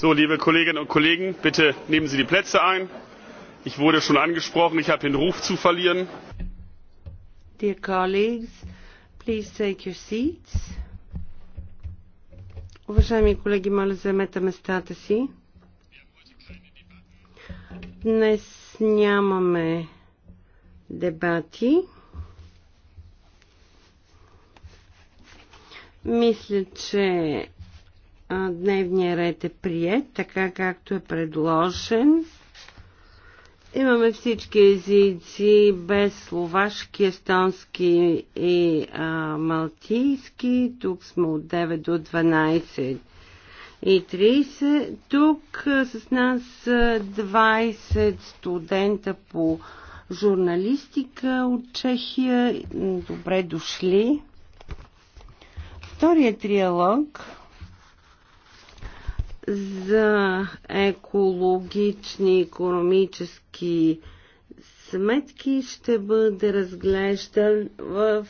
So, liebe Kolleginnen und Kollegen, bitte nehmen Sie die Plätze ein. Ich wurde schon angesprochen, ich habe den Ruf zu verlieren. Dear colleagues, please take your seats. Уважаеми колеги, моля заемете местата си. Днес нямаме дебати. Мисля, че Дневният ред е прият, така както е предложен. Имаме всички езици без словашки, естонски и а, малтийски. Тук сме от 9 до 12 и 30. Тук с нас 20 студента по журналистика от Чехия. Добре дошли. Втория триалог за екологични и економически сметки ще бъде разглеждан в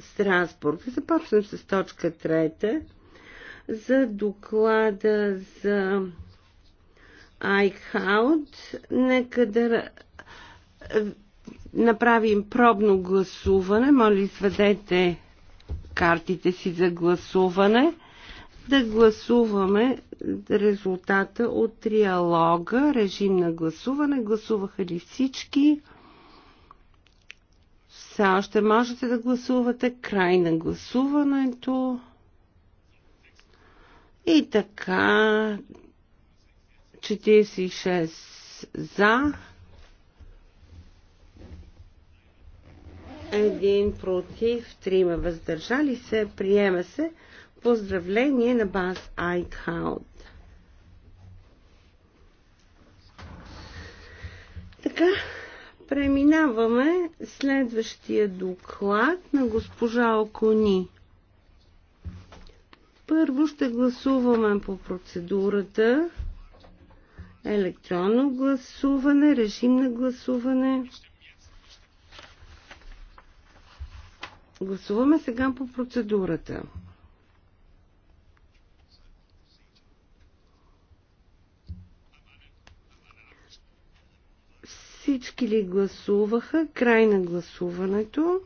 Страсбург. Започнем с точка трета за доклада за iCloud. Нека да направим пробно гласуване. Моля, изведете картите си за гласуване да гласуваме резултата от триалога, режим на гласуване. Гласуваха ли всички? Все още можете да гласувате. Край на гласуването. И така, 46 за, един против, 3 въздържали се, приема се. Поздравление на Бас Айкхаут. Така, преминаваме следващия доклад на госпожа Окони. Първо ще гласуваме по процедурата електронно гласуване, режим на гласуване. Гласуваме сега по процедурата. Всички ли гласуваха? Край на гласуването.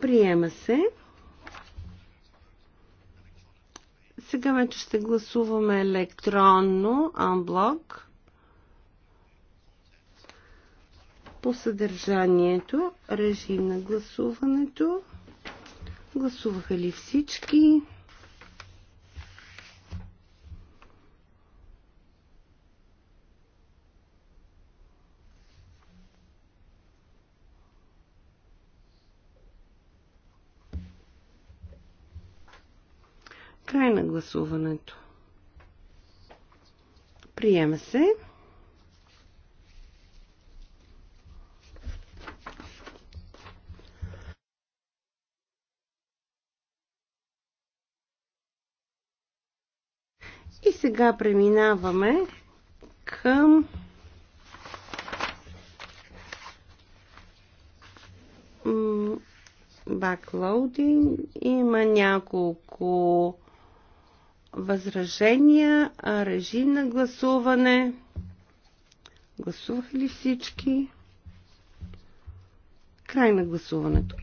Приема се. Сега вече ще гласуваме електронно, анблок, по съдържанието, режим на гласуването. Гласуваха ли всички? гласуването. Приема се. И сега преминаваме към баклоудинг. Има няколко Възражения, режим на гласуване. Гласуваха ли всички? Край на гласуването.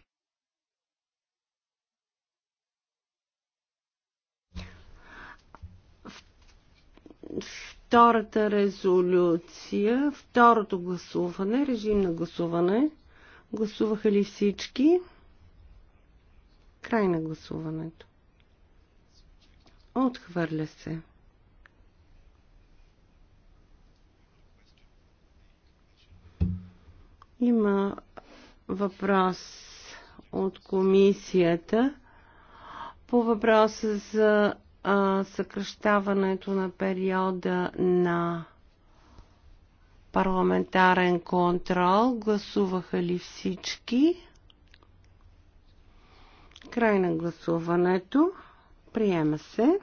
Втората резолюция, второто гласуване, режим на гласуване. Гласуваха ли всички? Край на гласуването. Отхвърля се. Има въпрос от комисията по въпроса за а, съкръщаването на периода на парламентарен контрол. Гласуваха ли всички? Край на гласуването. Приема се.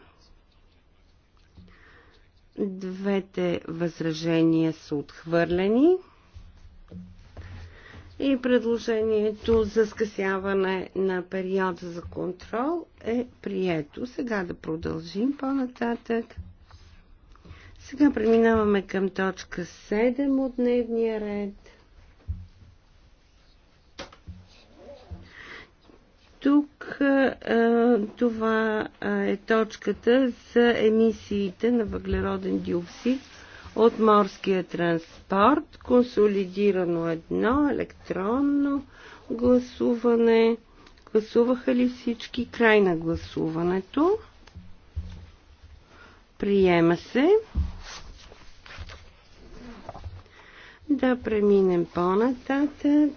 Двете възражения са отхвърлени. И предложението за скъсяване на периода за контрол е прието. Сега да продължим по-нататък. Сега преминаваме към точка 7 от дневния ред. Тук това е точката за емисиите на въглероден диоксид от морския транспорт, консолидирано едно, електронно гласуване. Гласуваха ли всички край на гласуването? Приема се. Да преминем по-нататък.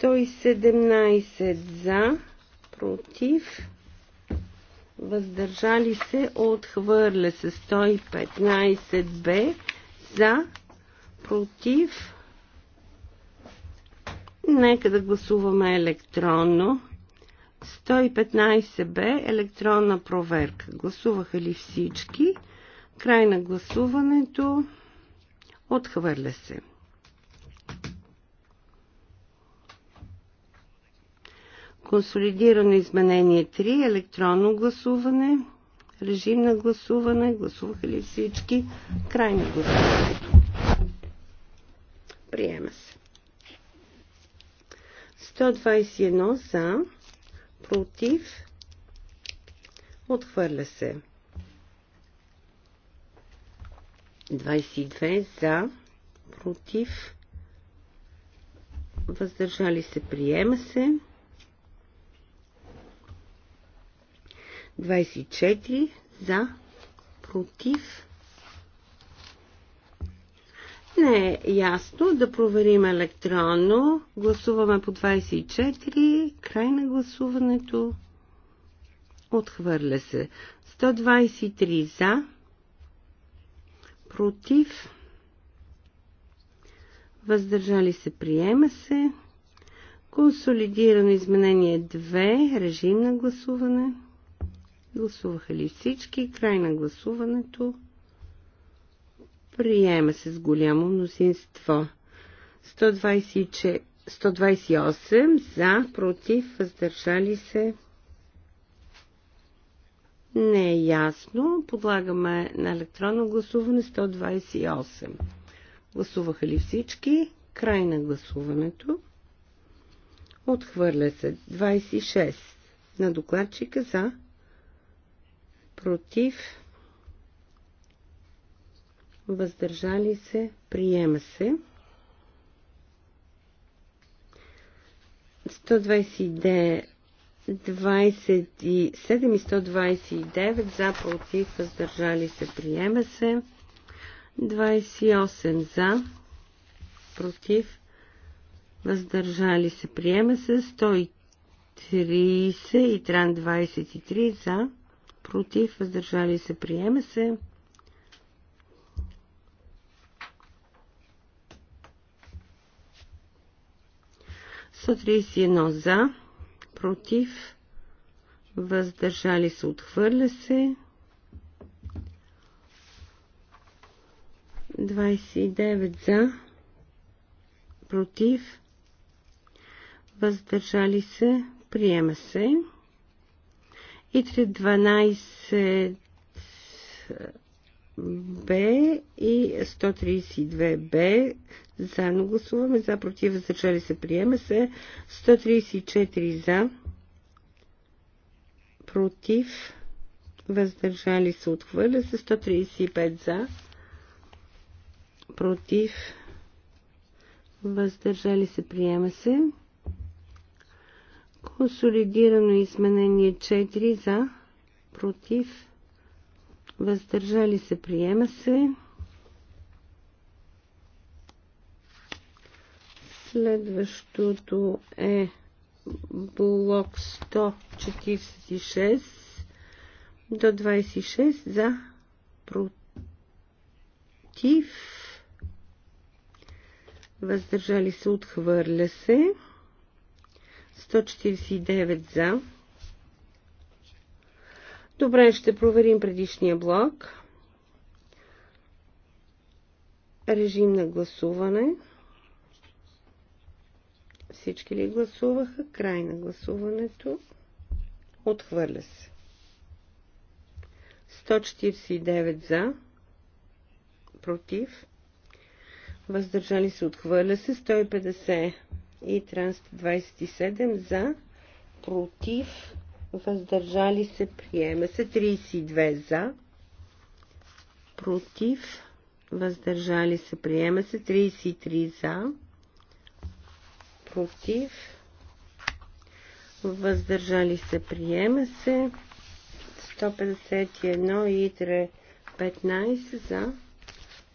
117 за, против, въздържали се, отхвърля се 115 б за, против. Нека да гласуваме електронно. 115 б електронна проверка. Гласуваха ли всички? Край на гласуването. Отхвърля се. Консолидирано изменение 3. Електронно гласуване. Режим на гласуване. Гласуваха ли всички? Крайни гласуване. Приема се. 121 за. Против. Отхвърля се. 22 за. Против. Въздържали се. Приема се. 24 за, против. Не е ясно. Да проверим електронно. Гласуваме по 24. Край на гласуването. Отхвърля се. 123 за. Против. Въздържали се. Приема се. Консолидирано изменение 2. Режим на гласуване. Гласуваха ли всички? Край на гласуването. Приема се с голямо мнозинство. 124, 128 за, против, въздържали се. Не е ясно. Подлагаме на електронно гласуване 128. Гласуваха ли всички? Край на гласуването. Отхвърля се 26 на докладчика за против, въздържали се, приема се. 129 27 и 129 за, против, въздържали се, приема се. 28 за, против, въздържали се, приема се. 130 и тран 23 за, против, въздържали се, приема се. 31 за, против, въздържали се, отхвърля се. 29 за, против, въздържали се, приема се. И 312 Б и 132 Б. Заедно гласуваме за, против, зачали се, приема се. 134 за, против, въздържали се, отхвърля се. 135 за, против, въздържали се, приема се. Консолидирано изменение 4 за, против, въздържали се, приема се. Следващото е блок 146 до 26 за, против, въздържали се, отхвърля се. 149 за. Добре, ще проверим предишния блок. Режим на гласуване. Всички ли гласуваха? Край на гласуването. Отхвърля се. 149 за. Против. Въздържали се отхвърля се. 150 и Транс 27 за, против, въздържали се, приема се 32 за, против, въздържали се, приема се 33 за, против, въздържали се, приема се 151 и 3 15 за,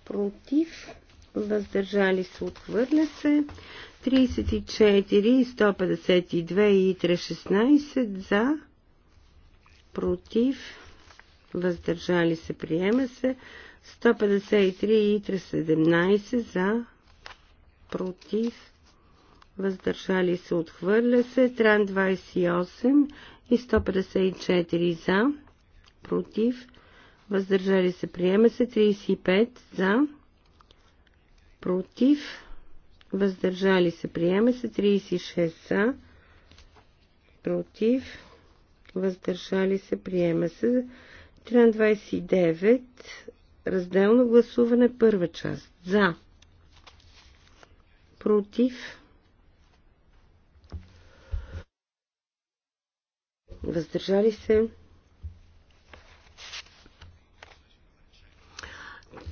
против, въздържали се, отхвърля се. 34, 152 и 316 за, против, въздържали се, приема се. 153 и 317 за, против, въздържали се, отхвърля се. Тран 28 и 154 за, против, въздържали се, приема се. 35 за, против, въздържали се, приема се 36 за, против, въздържали се, приема се. Член 29, разделно гласуване, първа част, за, против, въздържали се,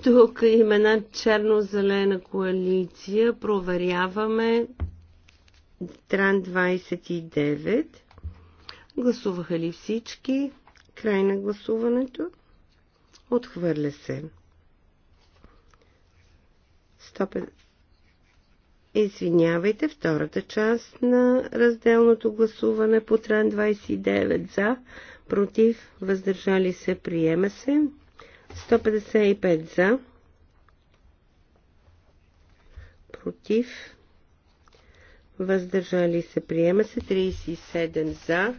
Тук има една черно-зелена коалиция. Проверяваме Тран 29. Гласуваха ли всички? Край на гласуването. Отхвърля се. Стопе. Извинявайте, втората част на разделното гласуване по Тран 29 за, против, въздържали се, приема се. 155 за. Против. Въздържали се. Приема се. 37 за.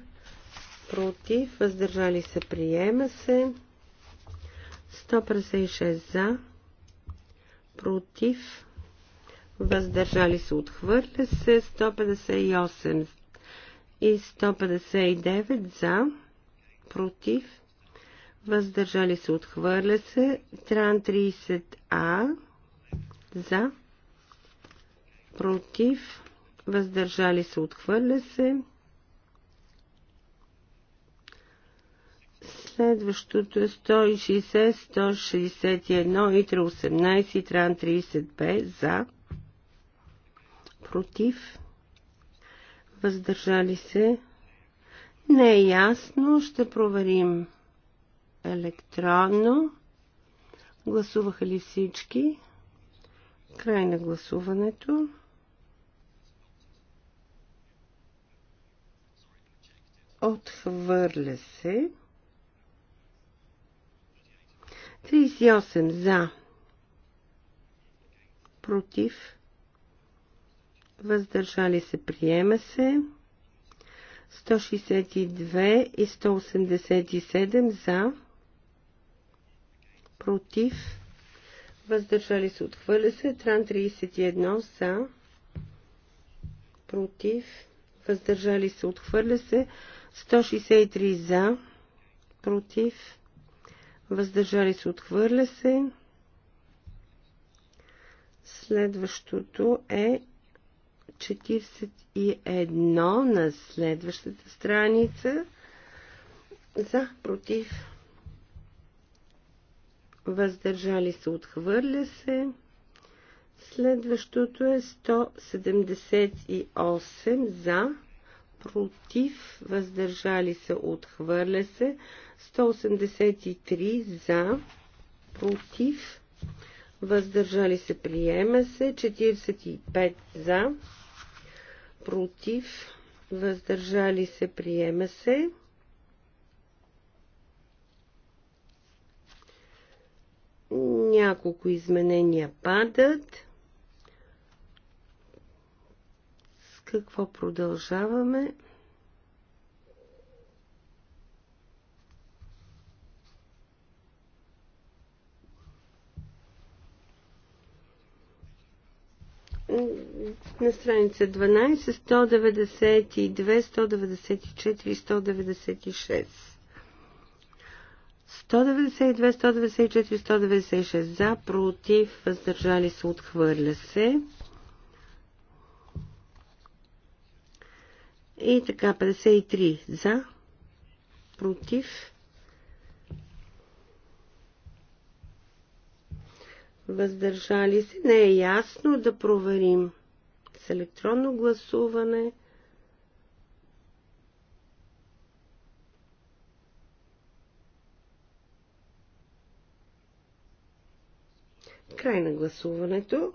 Против. Въздържали се. Приема се. 156 за. Против. Въздържали се. Отхвърля се. 158 и 159 за. Против въздържали се, отхвърля се. Тран 30А за, против, въздържали се, отхвърля се. Следващото е 160, 161, ИТРА 18, ТРАН 30Б за, против, въздържали се. Не е ясно, ще проверим електронно. Гласуваха ли всички? Край на гласуването. Отхвърля се. 38 за. Против. Въздържали се. Приема се. 162 и 187 за против, въздържали се, отхвърля се. Тран 31 за, против, въздържали се, отхвърля се. 163 за, против, въздържали се, отхвърля се. Следващото е 41 на следващата страница. За, против, въздържали се, отхвърля се. Следващото е 178 за, против, въздържали се, отхвърля се. 183 за, против, въздържали се, приема се. 45 за, против, въздържали се, приема се. Няколко изменения падат. С какво продължаваме? на страница 12, 192, 194 и 196. 192, 194, 196 за, против, въздържали се, отхвърля се. И така, 53 за, против. Въздържали се, не е ясно да проверим с електронно гласуване Край на гласуването.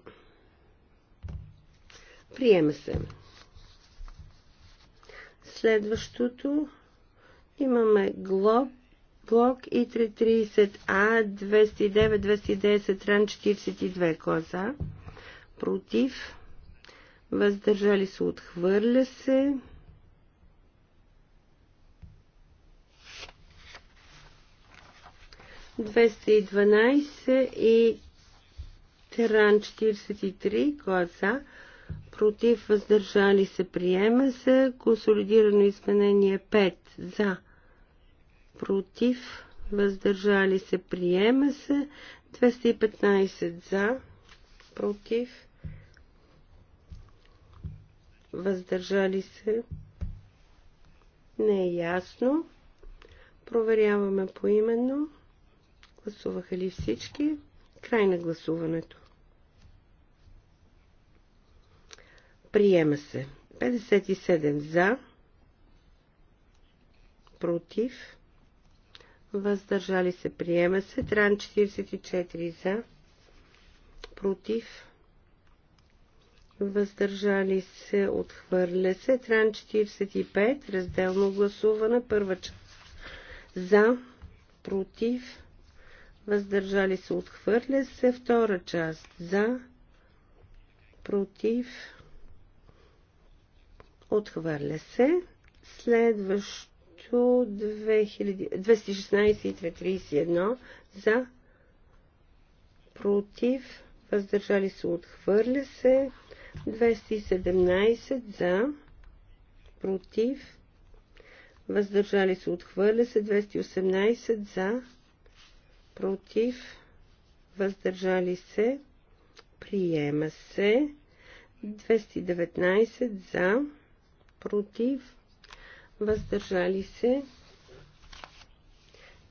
Приема се. Следващото имаме глоб, блок и 330А, 209, 210, ран 42 коза. Е Против. Въздържали се, отхвърля се. Двеста и Теран 43, кой е за? Против, въздържали се, приема се. Консолидирано изменение 5, за. Против, въздържали се, приема се. 215 за, против, въздържали се. Не е ясно. Проверяваме поименно. Гласуваха ли всички? Край на гласуването. Приема се. 57 за. Против. Въздържали се. Приема се. Тран 44 за. Против. Въздържали се. Отхвърля се. Тран 45. Разделно гласуване. Първа част. За. Против. Въздържали се. Отхвърля се. Втора част. За. Против Отхвърля се. Следващо 216 и 231 за против. Въздържали се. Отхвърля се. 217 за против. Въздържали се. Отхвърля се. 218 за против. Въздържали се. Приема се. 219 за против против, въздържали се.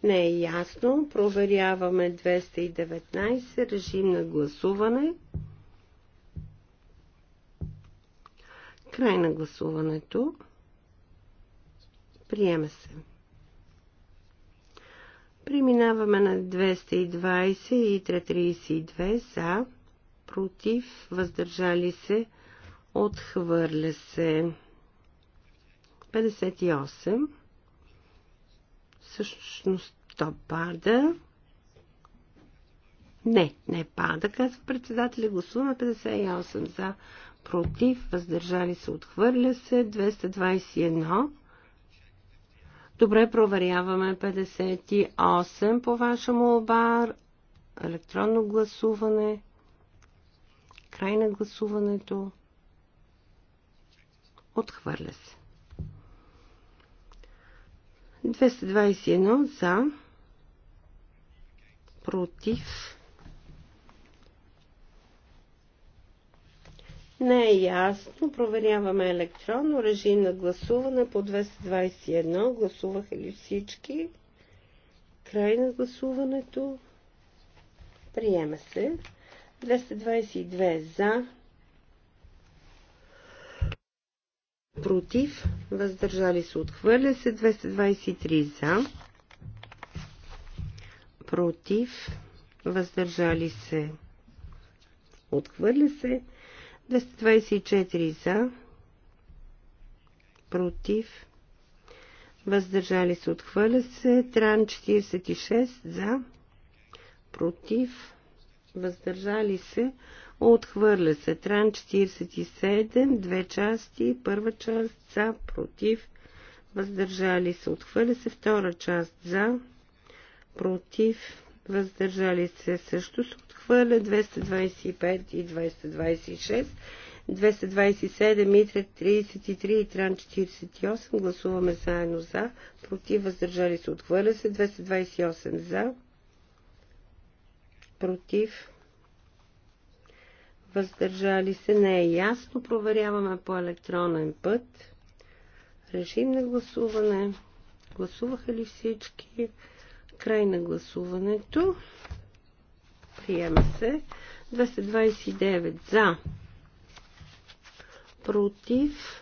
Не е ясно. Проверяваме 219. Режим на гласуване. Край на гласуването. Приема се. Преминаваме на 220 и 332 за, против, въздържали се, отхвърля се. 58. Всъщност то пада. Не, не пада, казва председателя. Гласуваме 58 за, против, въздържали се, отхвърля се, 221. Добре, проверяваме 58 по ваша молба. Електронно гласуване. Край на гласуването. Отхвърля се. 221 за, против. Не е ясно. Проверяваме електронно. Режим на гласуване по 221. Гласуваха ли всички? Край на гласуването. Приема се. 222 за, против, въздържали се, отхвърля се 223 за, против, въздържали се, отхвърля се 224 за, против, въздържали се, отхвърля се тран 46 за, против, въздържали се, Отхвърля се. Тран 47, две части. Първа част за, против, въздържали се. Отхвърля се. Втора част за, против, въздържали се. Също се отхвърля. 225 и 226. 227, и 33 и Тран 48. Гласуваме заедно за. Против, въздържали се. Отхвърля се. 228 за. Против, въздържали се, не е ясно. Проверяваме по електронен път. Режим на гласуване. Гласуваха ли всички? Край на гласуването. Приема се. 229 за. Против.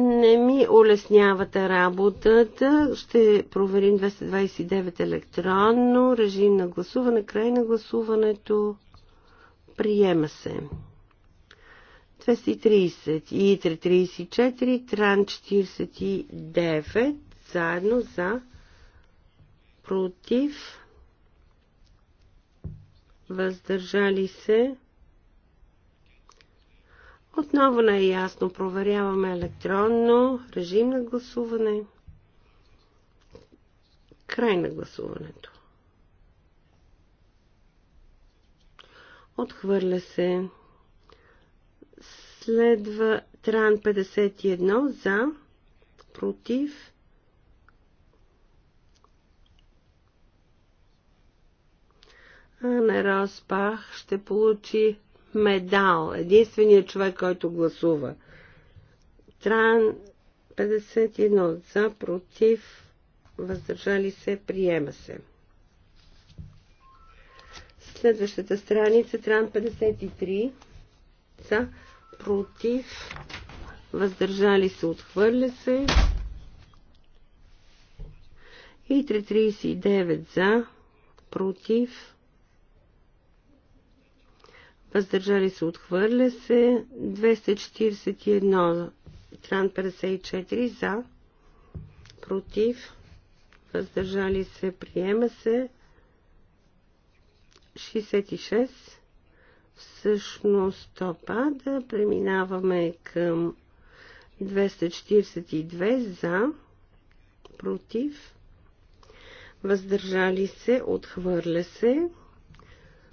не ми улеснявате работата. Ще проверим 229 електронно. Режим на гласуване. Край на гласуването. Приема се. 230 и 334, тран 49, заедно за, против, въздържали се, отново не е ясно. Проверяваме електронно. Режим на гласуване. Край на гласуването. Отхвърля се. Следва Тран 51 за, против. А на Роспах ще получи медал. Единственият човек, който гласува. Тран 51 за, против, въздържали се, приема се. Следващата страница, Тран 53 за, против, въздържали се, отхвърля се. И 339 за, против, въздържали се, отхвърля се. 241, тран 54 за, против, въздържали се, приема се. 66, всъщност то пада. Преминаваме към 242 за, против, въздържали се, отхвърля се.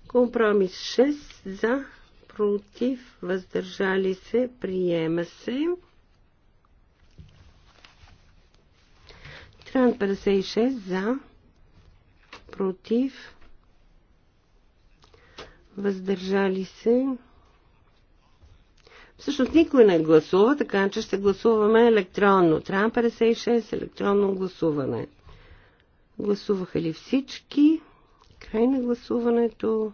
Компромис 6 за, против, въздържали се, приема се. Тран 56 за, против, въздържали се. Всъщност никой не гласува, така че ще гласуваме електронно. Тран 56, електронно гласуване. Гласуваха ли всички? Край на гласуването.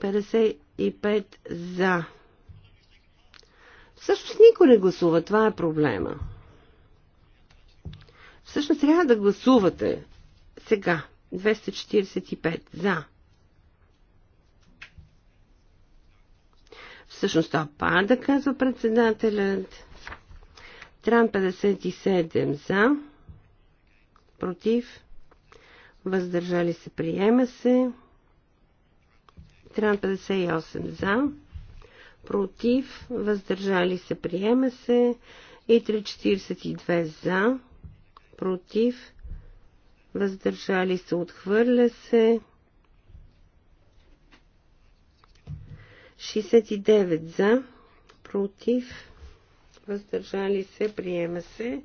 55 за. Всъщност никой не гласува. Това е проблема. Всъщност трябва да гласувате сега. 245 за. Всъщност това пада, казва председателят. Тран 57 за против, въздържали се, приема се. Тран 58 за, против, въздържали се, приема се. И 342 за, против, въздържали се, отхвърля се. 69 за, против, въздържали се, приема се.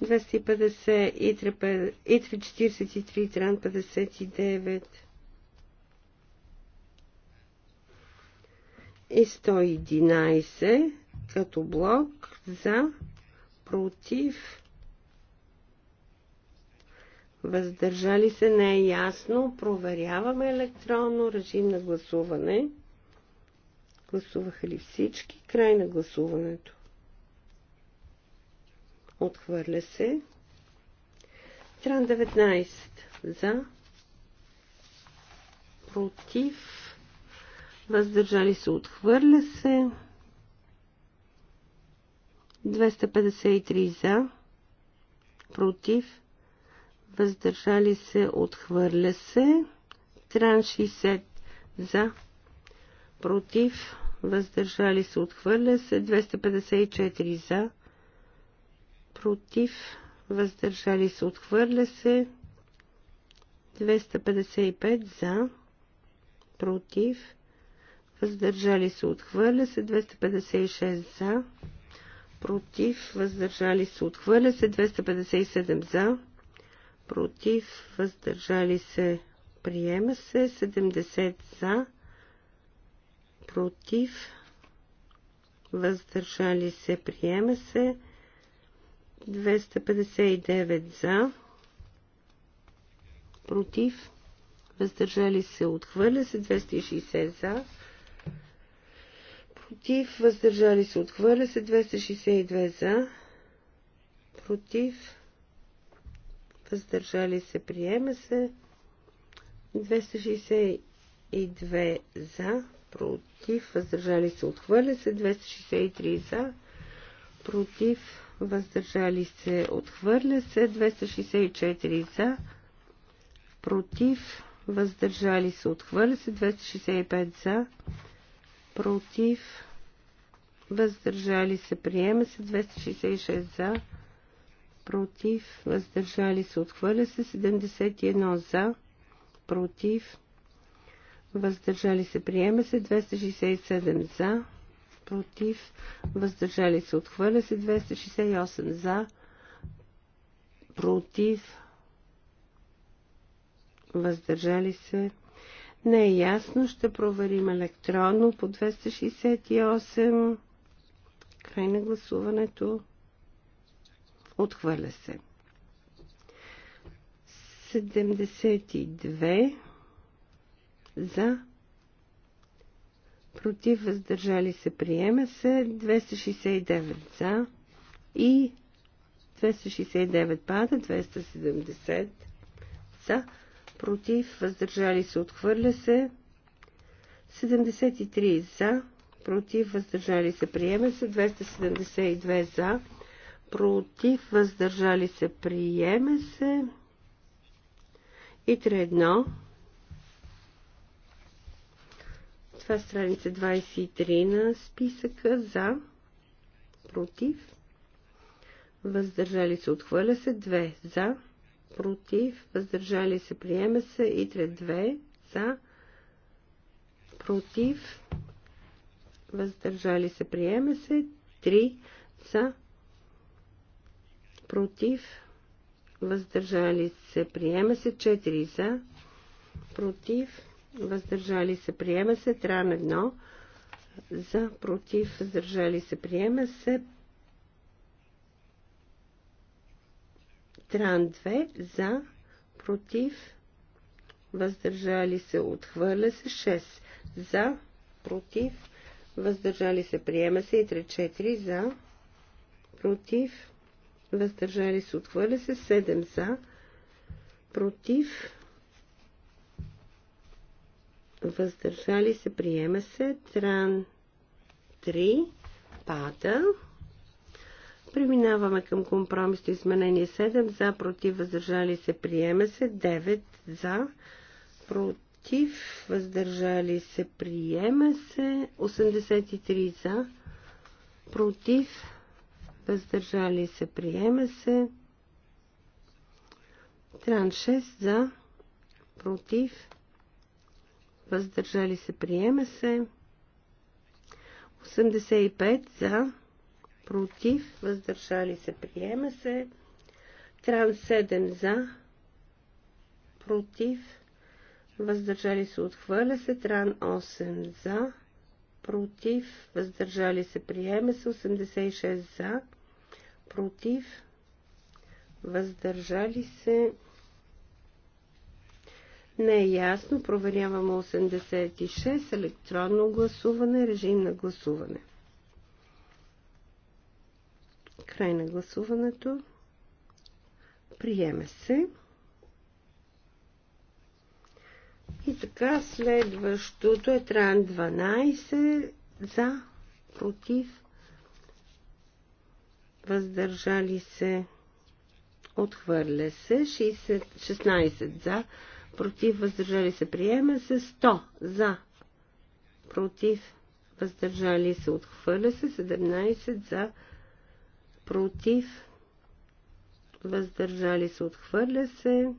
250 и 343 тран 59 и 111 като блок за против въздържали се не е ясно проверяваме електронно режим на гласуване гласуваха ли всички край на гласуването Отхвърля се. Тран 19 за. Против. Въздържали се. Отхвърля се. 253 за. Против. Въздържали се. Отхвърля се. Тран 60 за. Против. Въздържали се. Отхвърля се. 254 за против, въздържали се, отхвърля се. 255 за, против, въздържали се, отхвърля се. 256 за, против, въздържали се, отхвърля се. 257 за, против, въздържали се, приема се. 70 за, против, въздържали се, приема се. 259 за, против, въздържали се, отхвърля се, 260 за, против, въздържали се, отхвърля се, 262 за, против, въздържали се, приема се, 262 за, против, въздържали се, отхвърля се, 263 за, против, въздържали се, отхвърля се, 264 за, против, въздържали се, отхвърля се, 265 за, против, въздържали се, приема се, 266 за, против, въздържали се, отхвърля се, 71 за, против, въздържали се, приема се, 267 за, против, въздържали се, отхвърля се 268 за, против, въздържали се. Не е ясно, ще проверим електронно по 268. Край на гласуването. Отхвърля се. 72 за против, въздържали се, приема се 269 за и 269 пада, 270 за, против, въздържали се, отхвърля се 73 за, против, въздържали се, приема се 272 за, против, въздържали се, приема се и 3-1 Това е страница 23 на списъка за, против, въздържали се, отхвърля се, 2 за, против, въздържали се, приема се, и 3 2 за, против, въздържали се, приема се, 3 за, против, въздържали се, приема се, 4 за, против, въздържали се, приема се. Тран 1 за, против, въздържали се, приема се. Тран 2 за, против, въздържали се, отхвърля се. 6 за, против, въздържали се, приема се. И 3-4 за, против, въздържали се, отхвърля се. 7 за, против, въздържали се, приема се. Тран 3 пада. Преминаваме към компромисно изменение 7 за, против, въздържали се, приема се. 9 за, против, въздържали се, приема се. 83 за, против, въздържали се, приема се. Тран 6 за, против, въздържали се, приема се. 85 за, против, въздържали се, приема се. Тран 7 за, против, въздържали се, отхвърля се. Тран 8 за, против, въздържали се, приема се. 86 за, против, въздържали се, се. Не е ясно. Проверяваме 86. Електронно гласуване. Режим на гласуване. Край на гласуването. Приеме се. И така следващото е тран 12 за, против, въздържали се, отхвърля се, 16 за, против, въздържали се, приема се 100 за, против, въздържали се, отхвърля се 17 за, против, въздържали се, отхвърля се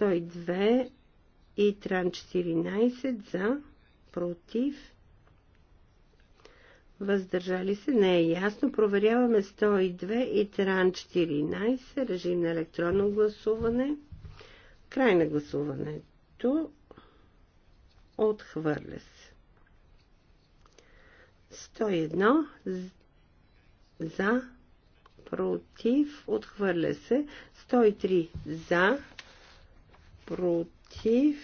102 и тран 14 за, против, въздържали се, не е ясно. Проверяваме 102 и тран 14, режим на електронно гласуване. Край на гласуването. Отхвърля се. 101 за, против, отхвърля се. 103 за, против,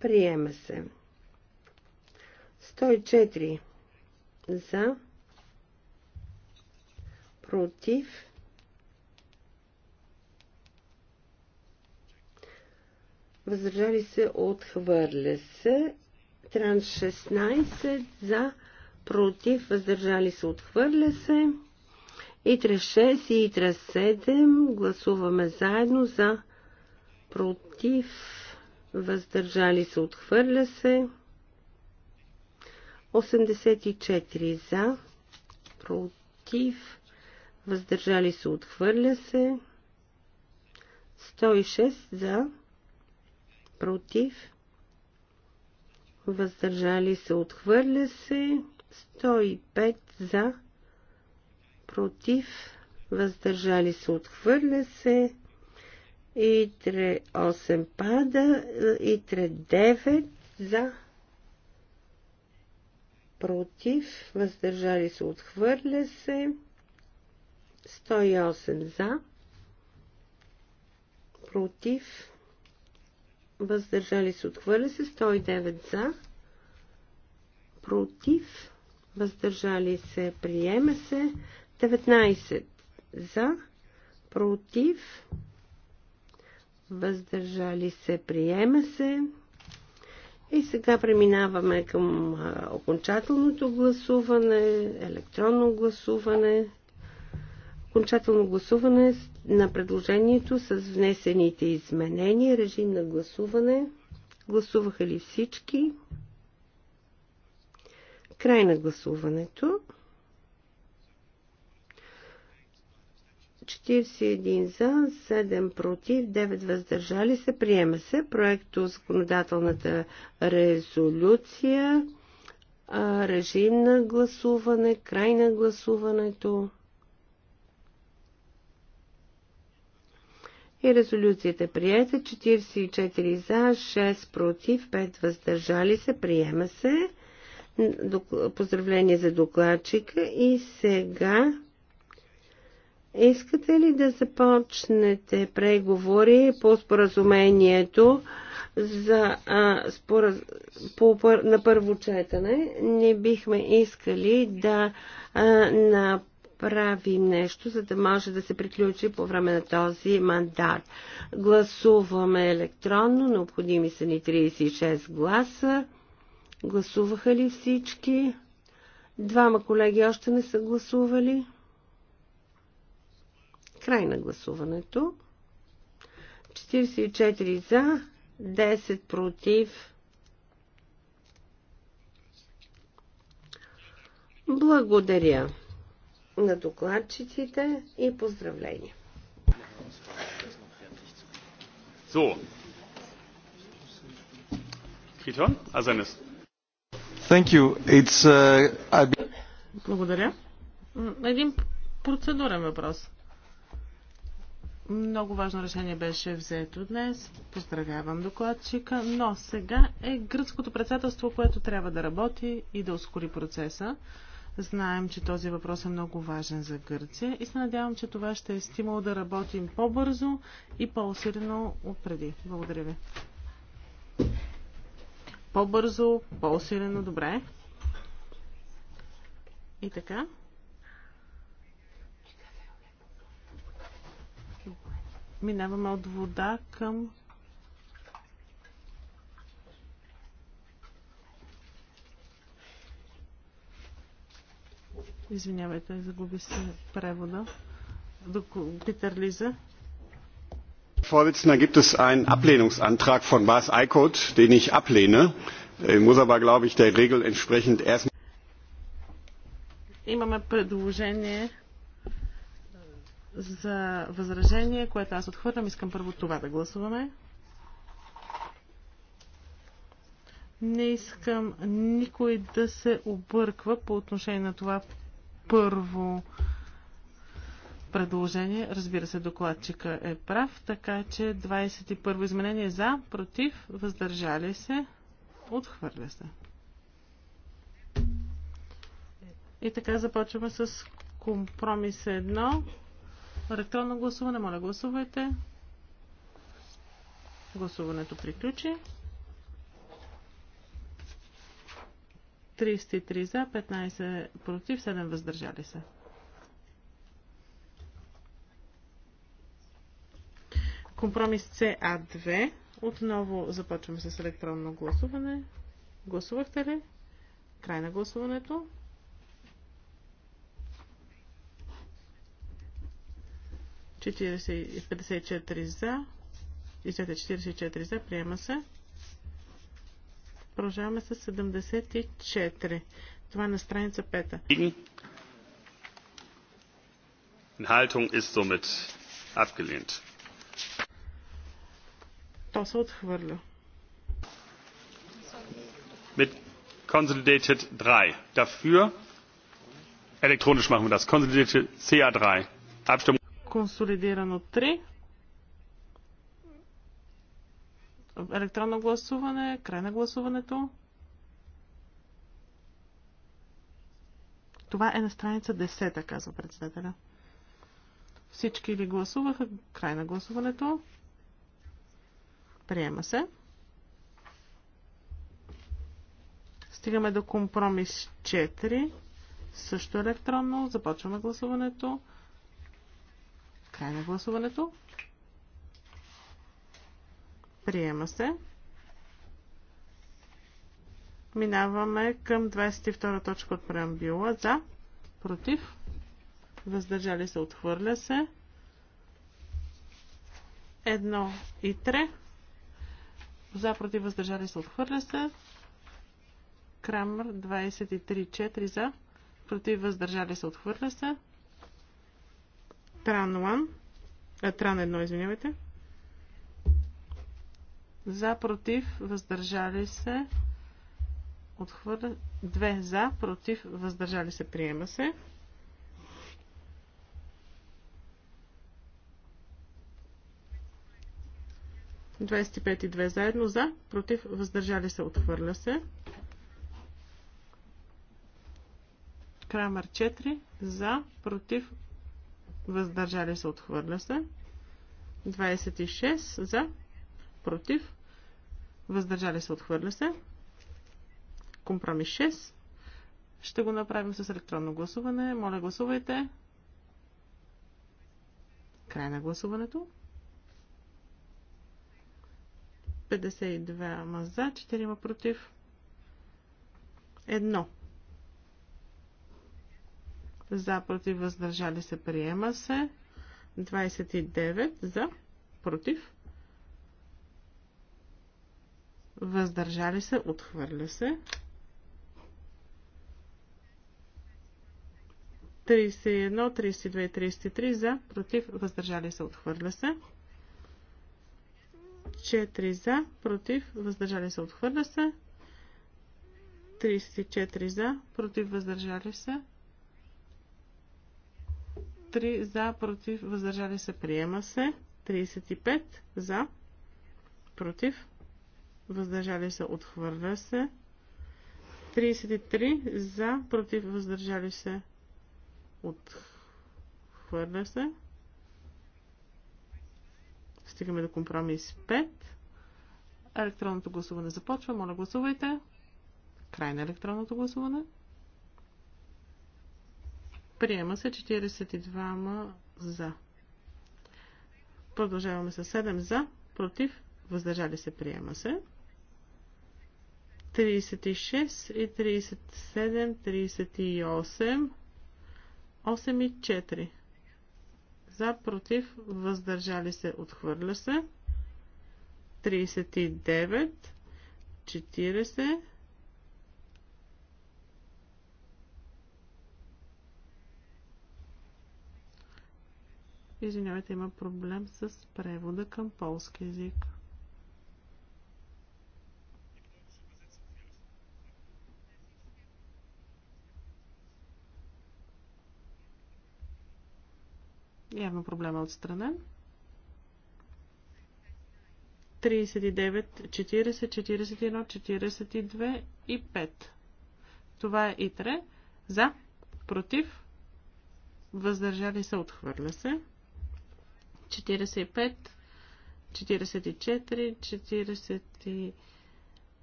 приема се. 104 за, против, въздържали се, отхвърля се. Тран 16 за, против, въздържали се, отхвърля се. Итра 6 и Итра 7 гласуваме заедно за, против, въздържали се, отхвърля се. 84 за, против, въздържали се, отхвърля се. 106 за, против, въздържали се, отхвърля се, 105 за, против, въздържали се, отхвърля се, и 3, 8 пада, и 3, 9 за, против, въздържали се, отхвърля се, 108 за, против, въздържали се, отхвърля се 109 за, против, въздържали се, приема се 19 за, против, въздържали се, приема се. И сега преминаваме към окончателното гласуване, електронно гласуване. Окончателно гласуване на предложението с внесените изменения. Режим на гласуване. Гласуваха ли всички? Край на гласуването. 41 за, 7 против, 9 въздържали се. Приема се проекто законодателната резолюция, режим на гласуване, край на гласуването. и резолюцията е приета 44 за, 6 против, 5 въздържали се, приема се. Поздравление за докладчика и сега искате ли да започнете преговори по споразумението за, а, спораз... по, на първо четене? Не бихме искали да а, на направим нещо, за да може да се приключи по време на този мандат. Гласуваме електронно, необходими са ни 36 гласа. Гласуваха ли всички? Двама колеги още не са гласували. Край на гласуването. 44 за, 10 против. Благодаря на докладчиците и поздравления. So. Kriton, Asanis. Thank you. It's, uh, I... Благодаря. Един процедурен въпрос. Много важно решение беше взето днес. Поздравявам докладчика, но сега е гръцкото председателство, което трябва да работи и да ускори процеса. Знаем, че този въпрос е много важен за Гърция и се надявам, че това ще е стимул да работим по-бързо и по-усилено от преди. Благодаря ви. По-бързо, по-усилено, добре. И така. Минаваме от вода към Извинявайте, загуби се превода. Питер Лиза. Vorsitzender, gibt es einen Ablehnungsantrag von Bas Eickhout, den ich ablehne. Ich äh, Muss aber, glaube ich, der Regel entsprechend erstmal. Имаме предложение за възражение, което аз отхвърлям. Искам първо това да гласуваме. Не искам никой да се обърква по отношение на това първо предложение. Разбира се, докладчика е прав, така че 21 изменение за, против, въздържали се, отхвърля се. И така започваме с компромис 1. Електронно гласуване, моля гласувайте. Гласуването приключи. 33 за, 15 против, 7 въздържали се. Компромис CA2. Отново започваме с електронно гласуване. Гласувахте ли? Край на гласуването. и 54 за. Излете 44 за. Приема се. Продължаваме с 74. Това е на страница 5. Enthaltung ist somit abgelehnt. То се отхвърля. Mit Consolidated 3. Dafür. Elektronisch machen wir das. Consolidated CA3. Abstimmung. Консолидирано 3. Електронно гласуване, край на гласуването. Това е на страница 10, казва председателя. Всички ли гласуваха? Край на гласуването. Приема се. Стигаме до компромис 4. Също електронно. Започваме гласуването. Край на гласуването. Приема се. Минаваме към 22 точка от преамбюла. За. Против. Въздържали се. Отхвърля се. Едно и 3. За. Против. Въздържали се. Отхвърля се. Крамър 23-4 за. Против. Въздържали се. Отхвърля се. Тран 1. Е, тран 1, извинявайте. За, против, въздържали се. Отхвърля. 2 за, против, въздържали се. Приема се. Двадесет и 2 и две заедно за, против, въздържали се, отхвърля се. Крамър 4 за, против, въздържали се, отхвърля се. 26 за, против, Въздържали се, отхвърля се. Компромис 6. Ще го направим с електронно гласуване. Моля, гласувайте. Край на гласуването. 52 ма за, 4 ма против. 1. За, против, въздържали се, приема се. 29 за, против въздържали се, отхвърля се. 31, 32 33 за, против, въздържали се, отхвърля се. 4 за, против, въздържали се, отхвърля се. 34 за, против, въздържали се. 3 за, против, въздържали се, приема се. 35 за, против, въздържали се, отхвърля се. 33 за, против, въздържали се, отхвърля се. Стигаме до компромис 5. Електронното гласуване започва. Моля, гласувайте. Край на електронното гласуване. Приема се 42 за. Продължаваме с 7 за, против, въздържали се, приема се. 36 и 37, 38, 8 и 4. За, против, въздържали се, отхвърля се. 39, 40, Извинявайте, има проблем с превода към полски язик. Явно проблема е отстранен. 39, 40, 41, 42 и 5. Това е ИТРЕ. За, против, въздържали се, отхвърля се. 45, 44,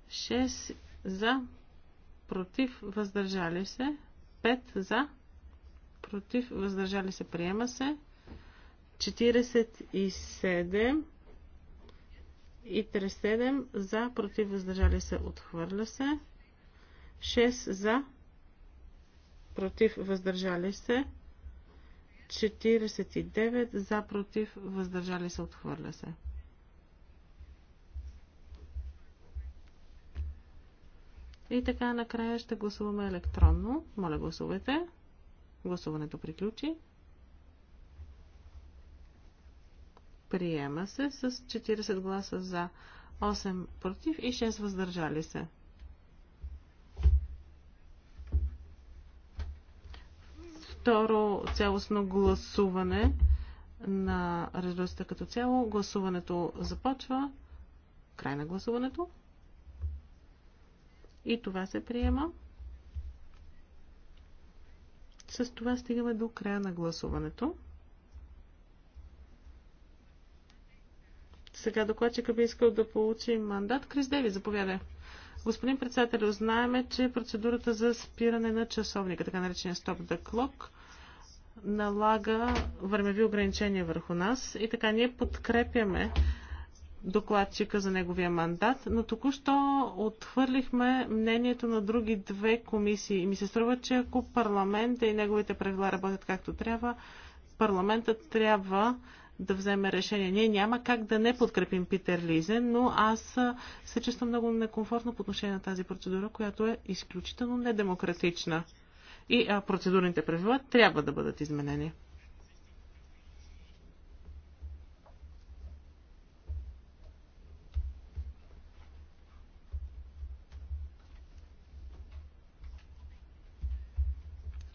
46 за, против, въздържали се, 5 за, против, въздържали се, приема се. 47 и 37 за, против, въздържали се, отхвърля се. 6 за, против, въздържали се. 49 за, против, въздържали се, отхвърля се. И така накрая ще гласуваме електронно. Моля гласувайте. Гласуването приключи. Приема се с 40 гласа за, 8 против и 6 въздържали се. Второ цялостно гласуване на резултата като цяло. Гласуването започва. Край на гласуването. И това се приема. С това стигаме до края на гласуването. Сега докладчика би искал да получи мандат. Крис Деви, заповядай. Господин председател, знаеме, че процедурата за спиране на часовника, така наречения Stop the Clock, налага времеви ограничения върху нас и така ние подкрепяме докладчика за неговия мандат, но току-що отхвърлихме мнението на други две комисии и ми се струва, че ако парламента и неговите правила работят както трябва, парламентът трябва да вземе решение. Ние няма как да не подкрепим Питер Лизе, но аз се чувствам много некомфортно по отношение на тази процедура, която е изключително недемократична. И а, процедурните правила трябва да бъдат изменени.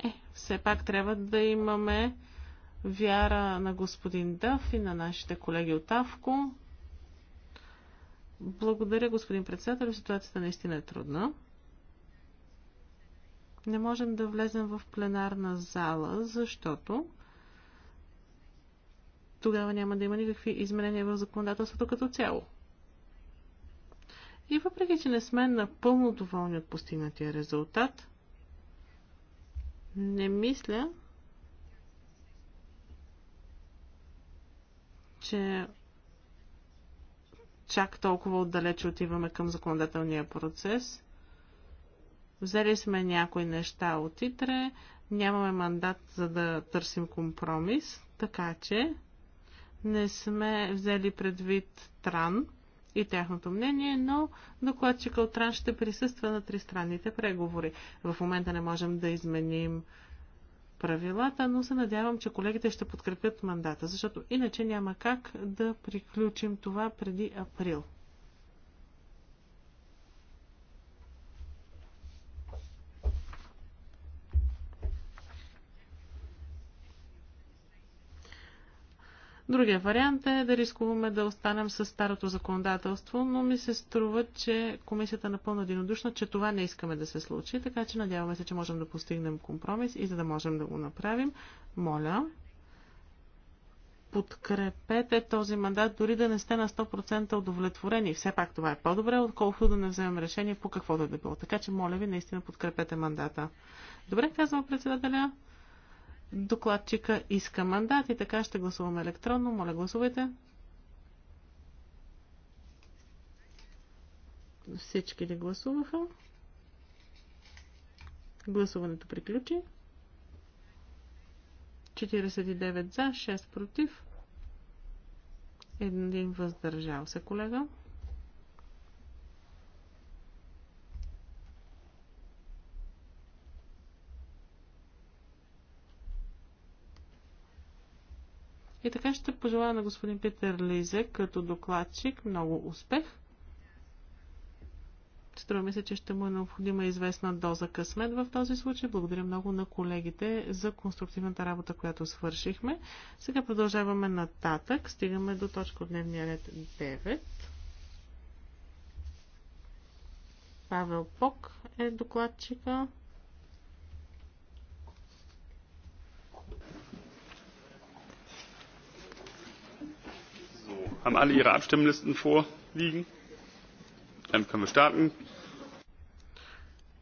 Е, все пак трябва да имаме вяра на господин Дъв и на нашите колеги от АВКО. Благодаря, господин председател. Ситуацията наистина е трудна. Не можем да влезем в пленарна зала, защото тогава няма да има никакви изменения в законодателството като цяло. И въпреки, че не сме напълно доволни от постигнатия резултат, не мисля, че чак толкова отдалече отиваме към законодателния процес. Взели сме някои неща от ИТРЕ, нямаме мандат за да търсим компромис, така че не сме взели предвид Тран и тяхното мнение, но докладчика от Тран ще присъства на тристранните преговори. В момента не можем да изменим правилата, но се надявам, че колегите ще подкрепят мандата, защото иначе няма как да приключим това преди април. Другия вариант е да рискуваме да останем с старото законодателство, но ми се струва, че комисията е напълно единодушна, че това не искаме да се случи, така че надяваме се, че можем да постигнем компромис и за да можем да го направим, моля, подкрепете този мандат, дори да не сте на 100% удовлетворени. Все пак това е по-добре, отколкото да не вземем решение по какво да е било. Така че, моля ви, наистина подкрепете мандата. Добре, казва председателя. Докладчика иска мандат и така ще гласуваме електронно. Моля, гласувайте. Всички ли гласуваха? Гласуването приключи. 49 за, 6 против. Един въздържал се колега. И така ще пожелая на господин Питер Лизе като докладчик много успех. Струва ми се, че ще му е необходима известна доза късмет в този случай. Благодаря много на колегите за конструктивната работа, която свършихме. Сега продължаваме нататък. Стигаме до точка от дневния ред 9. Павел Пок е докладчика. Haben alle ihre Abstimmlisten vorliegen? Dann können wir starten.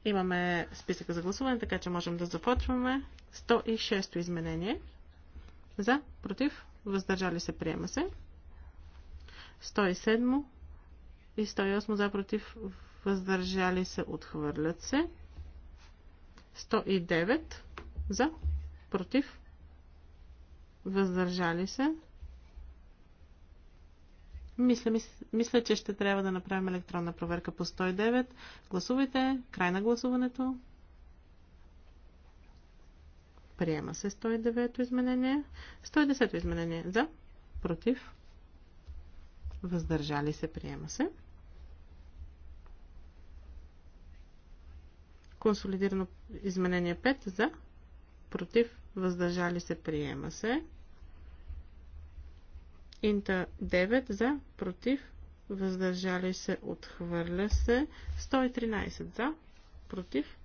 Имаме списъка за гласуване, така че можем да започваме. 106-то изменение. За, против, въздържали се, приема се. 107 и 108 за, против, въздържали се, отхвърлят се. 109 за, против, въздържали се, мисля, мисля, мисля, че ще трябва да направим електронна проверка по 109. Гласувайте. Край на гласуването. Приема се 109-то изменение. 110-то изменение. За. Против. Въздържали се. Приема се. Консолидирано изменение 5. За. Против. Въздържали се. Приема се. Инта 9 за, против, въздържали се, отхвърля се. 113 за, против,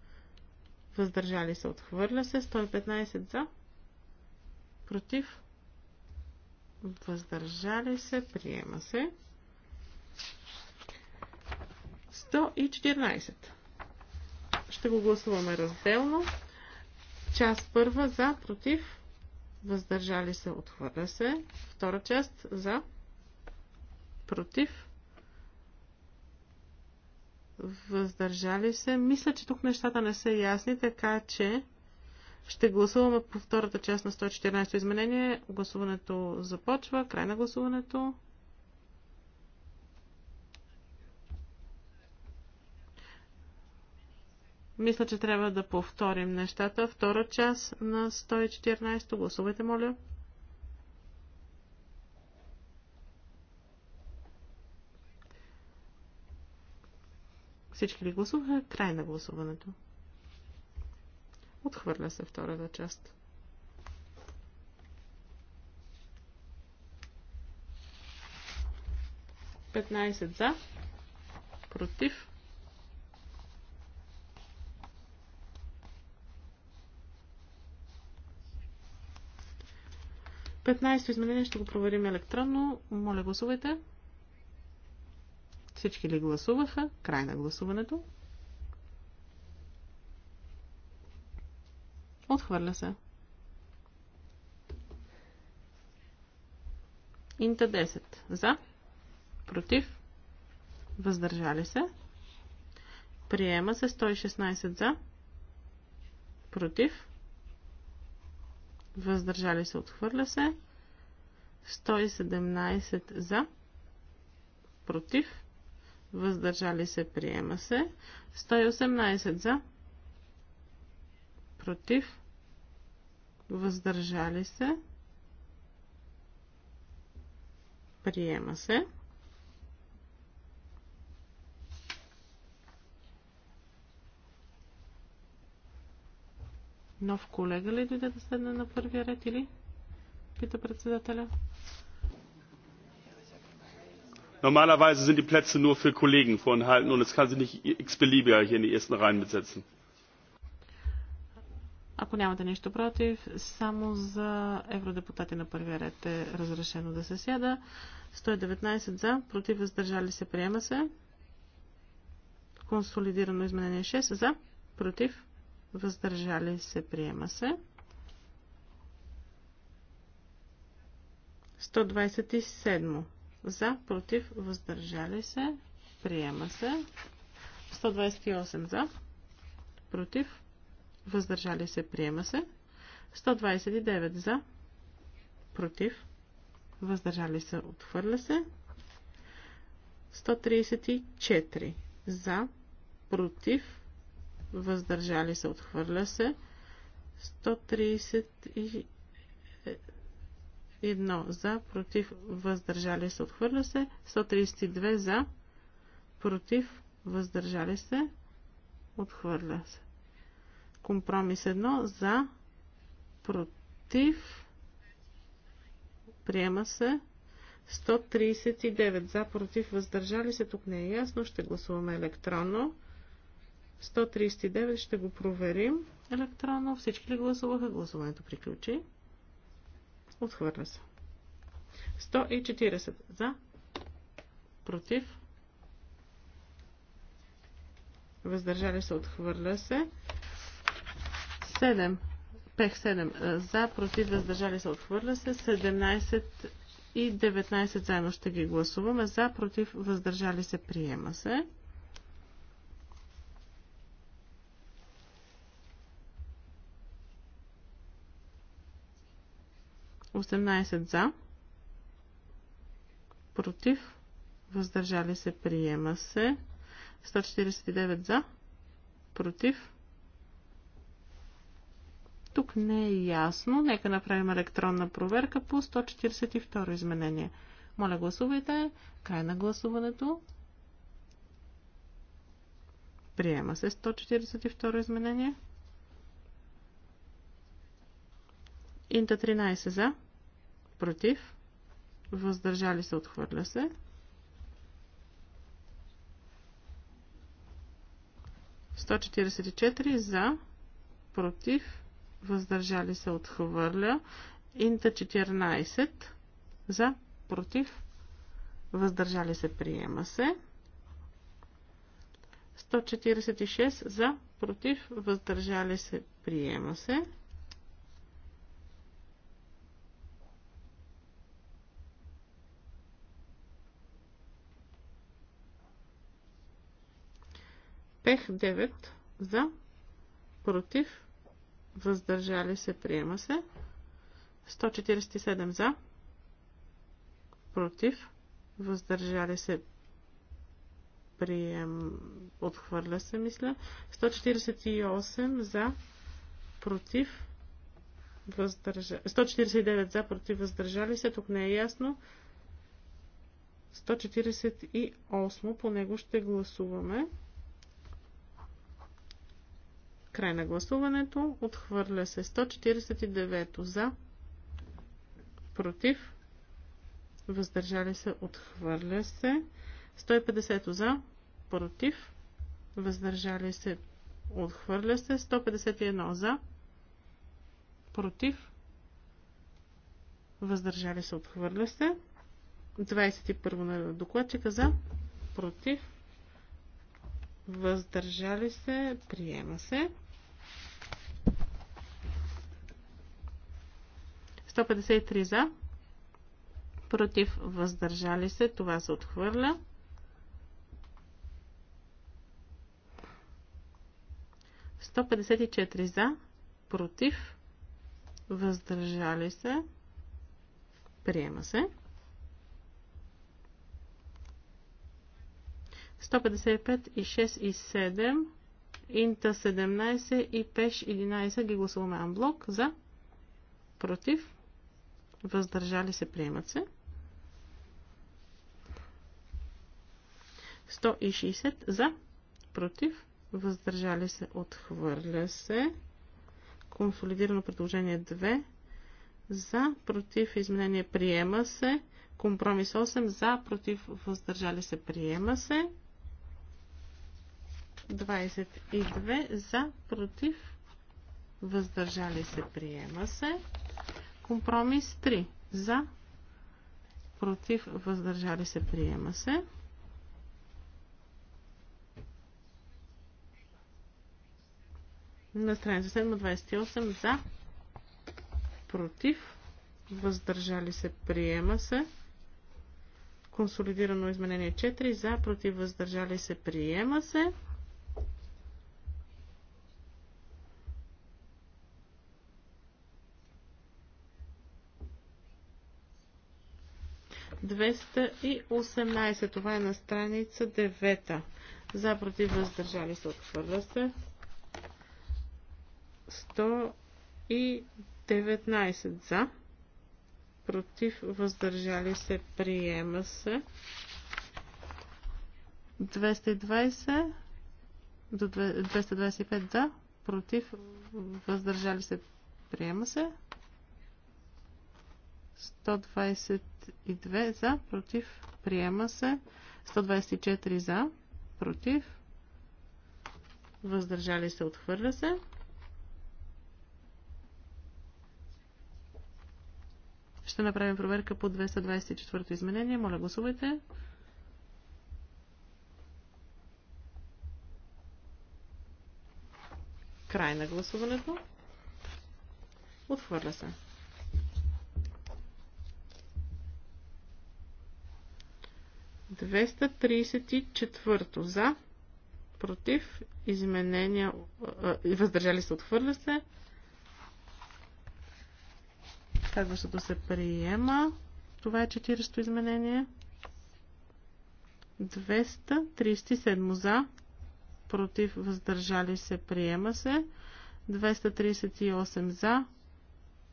въздържали се, отхвърля се. 115 за, против, въздържали се, приема се. 114. Ще го гласуваме разделно. Част първа за, против, въздържали се, отхвърля се. Втора част за, против, въздържали се. Мисля, че тук нещата не са ясни, така че ще гласуваме по втората част на 114 изменение. Гласуването започва, край на гласуването. Мисля, че трябва да повторим нещата. Втора част на 114. Гласувайте, моля. Всички ли гласуваха? Край на гласуването. Отхвърля се втората част. Петнайсет за, против 15-то изменение ще го проверим електронно. Моля, гласувайте. Всички ли гласуваха? Край на гласуването. Отхвърля се. Инта 10. За. Против. Въздържали се. Приема се 116 за. Против въздържали се, отхвърля се. 117 за, против, въздържали се, приема се. 118 за, против, въздържали се, приема се. Нов колега ли дойде да седне на първия ред или? Пита председателя. Normalerweise sind die Plätze nur für Kollegen vorenthalten und es kann sich nicht x-beliebiger hier in die ersten Reihen besetzen. Ако нямате нещо против, само за евродепутати на първия ред е разрешено да се сяда. 119 за, против въздържали се, приема се. Консолидирано изменение 6 за, против въздържали се, приема се. 127 за, против, въздържали се, приема се. 128 за, против, въздържали се, приема се. 129 за, против, въздържали се, отхвърля се. 134 за, против, въздържали се, отхвърля се. 131 за, против, въздържали се, отхвърля се. 132 за, против, въздържали се, отхвърля се. Компромис 1 за, против, приема се. 139 за, против, въздържали се, тук не е ясно, ще гласуваме електронно. 139 ще го проверим електронно. Всички ли гласуваха? Гласуването приключи. Отхвърля се. 140 за. Против. Въздържали се. Отхвърля се. 7. Пех 7 за. Против. Въздържали се. Отхвърля се. 17 и 19 заедно ще ги гласуваме. За. Против. Въздържали се. Приема се. 18 за, против, въздържали се, приема се. 149 за, против. Тук не е ясно. Нека направим електронна проверка по 142 изменение. Моля гласувайте. Край на гласуването. Приема се 142 изменение. Инта 13 за против, въздържали се, отхвърля се. 144 за, против, въздържали се, отхвърля. Инта 14 за, против, въздържали се, приема се. 146 за, против, въздържали се, приема се. успех 9 за, против, въздържали се, приема се. 147 за, против, въздържали се, прием, отхвърля се, мисля. 148 за, против, въздържа... 149 за, против, въздържали се, тук не е ясно. 148 по него ще гласуваме. Край на гласуването. Отхвърля се 149 за. Против. Въздържали се. Отхвърля се. 150 за. Против. Въздържали се. Отхвърля се. 151 за. Против. Въздържали се. Отхвърля се. 21 на докладчика за. Против въздържали се, приема се. 153 за, против, въздържали се, това се отхвърля. 154 за, против, въздържали се, приема се. 155 и 6 и 7, Инта 17 и Пеш 11 ги гласуваме анблок за, против, въздържали се, приемат се. 160 за, против, въздържали се, отхвърля се. Консолидирано предложение 2 за, против, изменение приема се. Компромис 8 за, против, въздържали се, приема се. 22 за, против, въздържали се, приема се. Компромис 3 за, против, въздържали се, приема се. На страница 7, 28 за, против, въздържали се, приема се. Консолидирано изменение 4 за, против, въздържали се, приема се. 218. Това е на страница 9. За против въздържали се отхвърля се. 119 за. Против въздържали се приема се. 220 до 225 за. Против въздържали се приема се. 122 за, против, приема се. 124 за, против, въздържали се, отхвърля се. Ще направим проверка по 224 изменение. Моля, гласувайте. Край на гласуването. Отхвърля се. 234 за, против, изменения, въздържали се, отхвърля се. Следващото се приема. Това е 40-то изменение. 237 за, против, въздържали се, приема се. 238 за,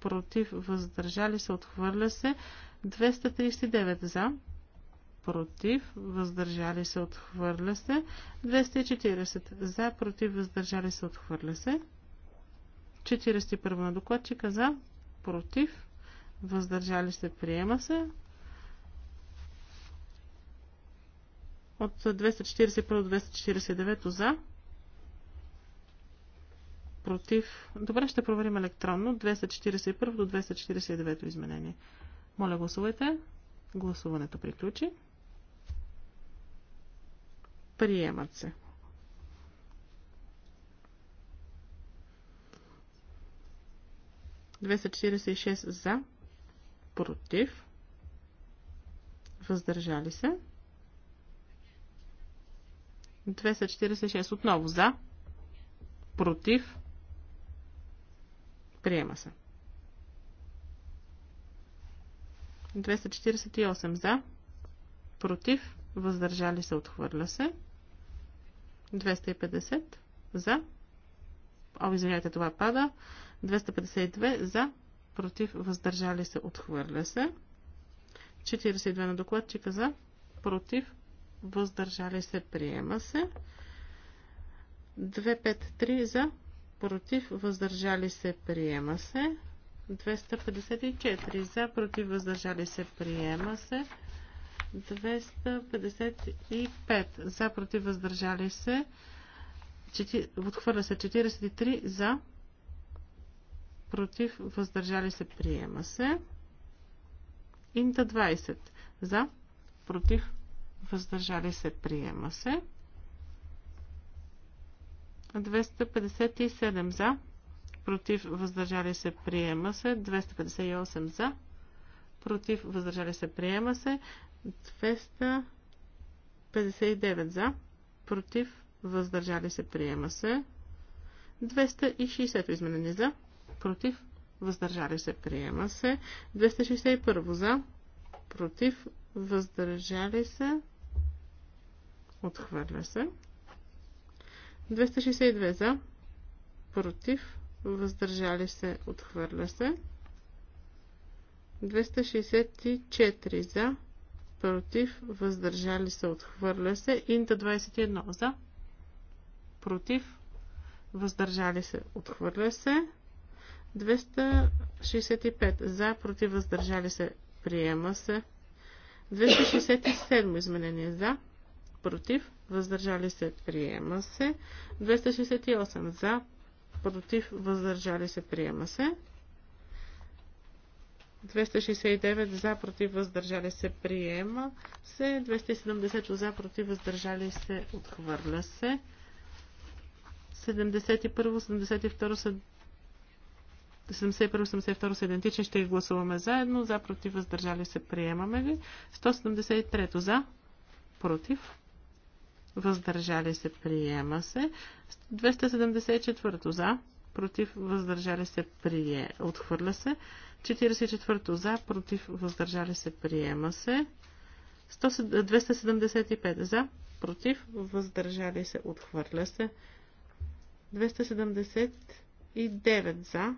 против, въздържали се, отхвърля се. 239 за, против, въздържали се, отхвърля се. 240 за, против, въздържали се, отхвърля се. 41 на докладчика за, против, въздържали се, приема се. От 241 до 249 за, против. Добре, ще проверим електронно. 241 до 249 изменение. Моля, гласувайте. Гласуването приключи. Приемат се. Двеста за. Против. Въздържали се. 246 отново за. Против. Приема се. 248 за. Против. Въздържали се. Отхвърля се. 250 за. О, извиняйте, това пада. 252 за. Против. Въздържали се. Отхвърля се. 42 на докладчика за. Против. Въздържали се. Приема се. 253 за. Против. Въздържали се. Приема се. 254 за. Против. Въздържали се. Приема се. 255 за, против, въздържали се. Отхвърля се 43 за, против, въздържали се, приема се. Инта 20 за, против, въздържали се, приема се. 257 за, против, въздържали се, приема се. 258 за, против, въздържали се, приема се. 259 за, против, въздържали се, приема се. 260 изменение за, против, въздържали се, приема се. 261 за, против, въздържали се, отхвърля се. 262 за, против, въздържали се, отхвърля се. 264 за, против, въздържали се, отхвърля се. Инта 21 за, против, въздържали се, отхвърля се. 265 за, против, въздържали се, приема се. 267 изменение за, против, въздържали се, приема се. 268 за, против, въздържали се, приема се. 269 за против въздържали се приема се. 270 за против въздържали се отхвърля се. 71, 72 са 82 са идентични, ще ги гласуваме заедно. За, против, въздържали се, приемаме ги. 173 за, против, въздържали се, приема се. 274 за, против, въздържали се, прие, отхвърля се. 44 за, против, въздържали се, приема се. 275 за, против, въздържали се, отхвърля се. 279 за,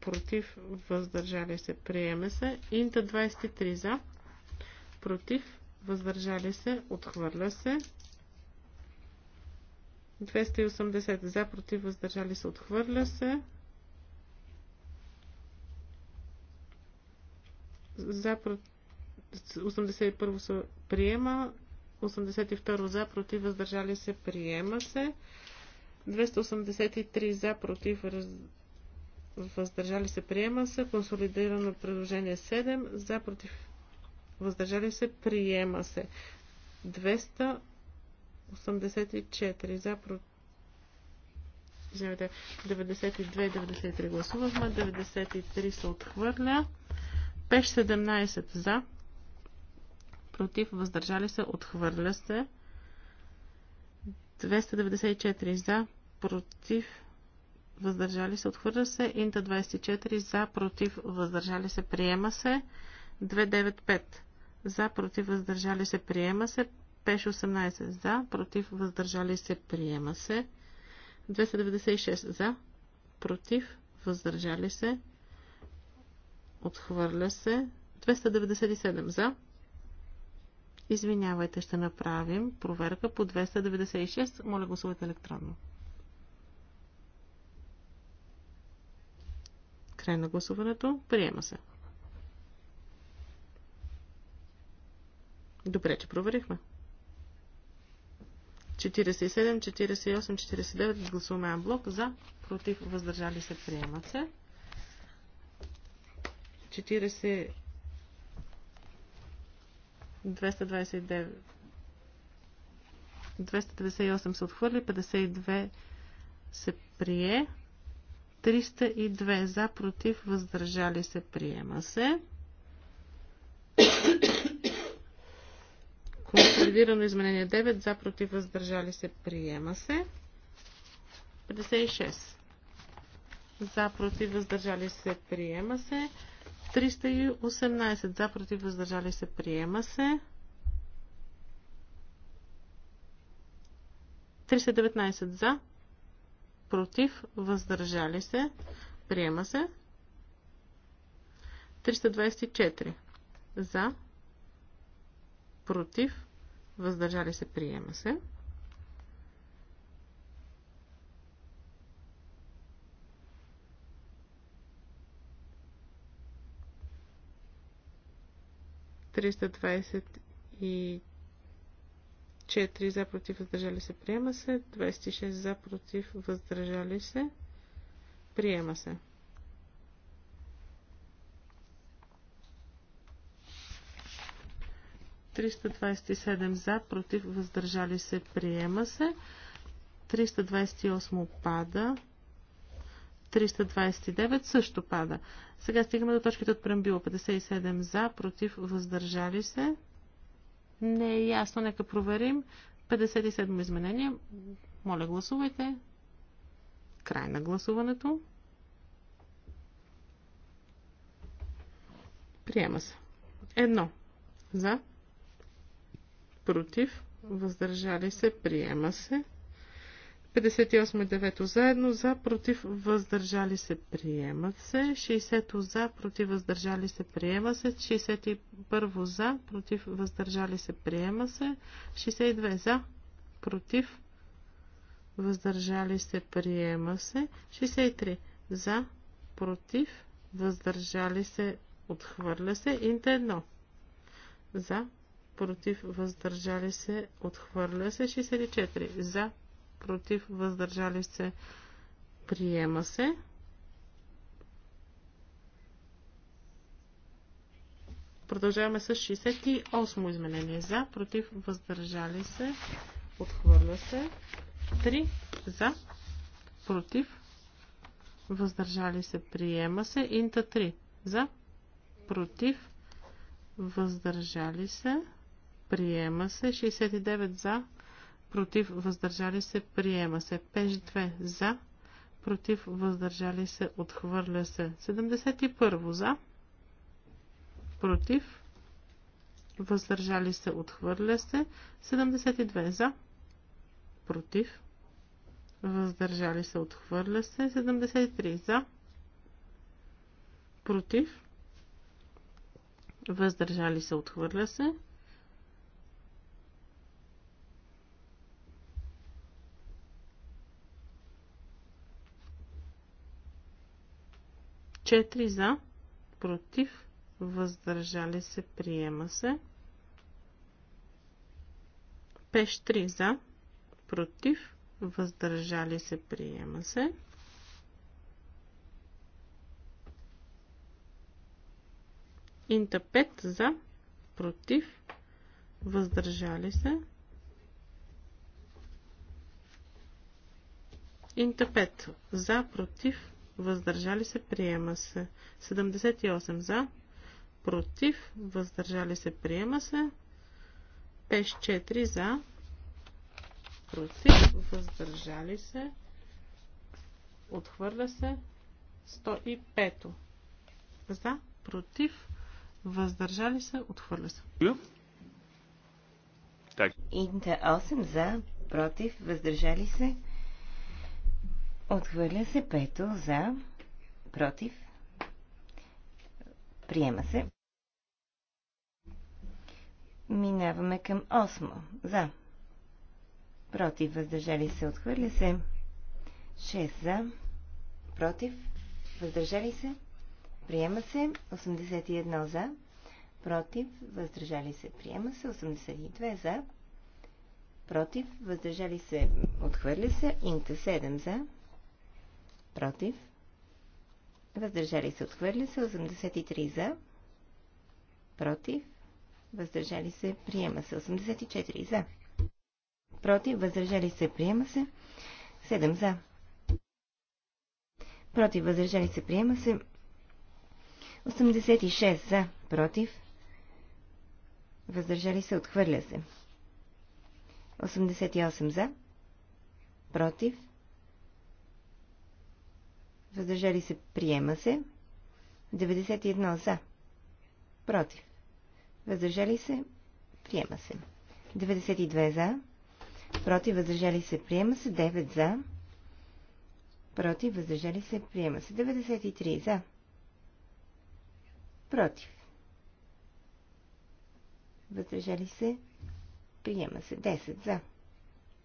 против, въздържали се, приема се. Инта 23 за, против, въздържали се, отхвърля се. 280 за, против, въздържали се, отхвърля се. За, 81 се приема, 82 за, против, въздържали се, приема се. 283 за, против, раз... въздържали се, приема се. Консолидирано предложение 7 за, против, въздържали се, приема се. 200 84 за про... 92 93 гласувахме, 93 се отхвърля, 5-17 за, против, въздържали се, отхвърля се, 294 за, против, въздържали се, отхвърля се, Инта 24 за, против, въздържали се, приема се, 295 за, против, въздържали се, приема се, беше 18 за, против, въздържали се, приема се. 296 за, против, въздържали се, отхвърля се. 297 за. Извинявайте, ще направим проверка по 296. Моля гласувайте електронно. Край на гласуването. Приема се. Добре, че проверихме. 47, 48, 49 гласуваме блок За, против, въздържали се, приемат се. 40, 298 се отхвърли, 52 се прие. 302 за, против, въздържали се, приема се. Консолидирано изменение 9 за против въздържали се приема се. 56 за против въздържали се приема се. 318 за против въздържали се приема се. 319 за против въздържали се приема се. 324 за против въздържали се, приема се. Триста двадесет и за против въздържали се приема се, 26 за против въздържали се приема се. 327 за, против, въздържали се, приема се. 328 пада. 329 също пада. Сега стигаме до точките от прембила 57 за, против, въздържали се. Не е ясно, нека проверим. 57 изменение. Моля, гласувайте. Край на гласуването. Приема се. Едно. За против, въздържали се, приема се. 58-9 заедно за, против, въздържали се, приемат се. 60 за, против, въздържали се, приема се. 61 за, против, въздържали се, приема се. 62 за, против, въздържали се, приема се. 63 за, против, въздържали се, отхвърля се. Инте 1 за, против, въздържали се, отхвърля се. 64 за, против, въздържали се, приема се. Продължаваме с 68 изменение за, против, въздържали се, отхвърля се. 3 за, против, въздържали се, приема се. Инта 3 за, против, въздържали се. Приема се. 69 за. Против. Въздържали се. Приема се. 52 2 за. Против. Въздържали се. Отхвърля се. 71 за. Против. Въздържали се. Отхвърля се. 72 за. Против. Въздържали се. Отхвърля се. 73 за. Против въздържали се, отхвърля се. 4 за, против, въздържали се, приема се. Пеш 3 за, против, въздържали се, приема се. Инта 5 за, против, въздържали се. Инта 5 за, против, въздържали се, приема се. 78 за, против, въздържали се, приема се. 54 4 за, против, въздържали се, отхвърля се. 105 за, против, въздържали се, отхвърля се. Инта 8 за, против, въздържали се, Отхвърля се пето за, против, приема се. Минаваме към осмо за, против, въздържали се, отхвърля се. 6 за, против, въздържали се, приема се. 81 за, против, въздържали се, приема се. 82 за, против, въздържали се, отхвърля се. Инта 7 за, против, въздържали се, отхвърля се, 83 за, против, въздържали се, приема се, 84 за, против, въздържали се, приема се, 7 за, против, въздържали се, приема се, 86 за, против, въздържали се, отхвърля се, 88 за, против, Въздържали се. Приема се. 91 за. Против. Въздържали се. Приема се. 92 за. Против. Въздържали се. Приема се. 9 за. Против. Въздържали се. Приема се. 93 за. Против. Въздържали се. Приема се. 10 за.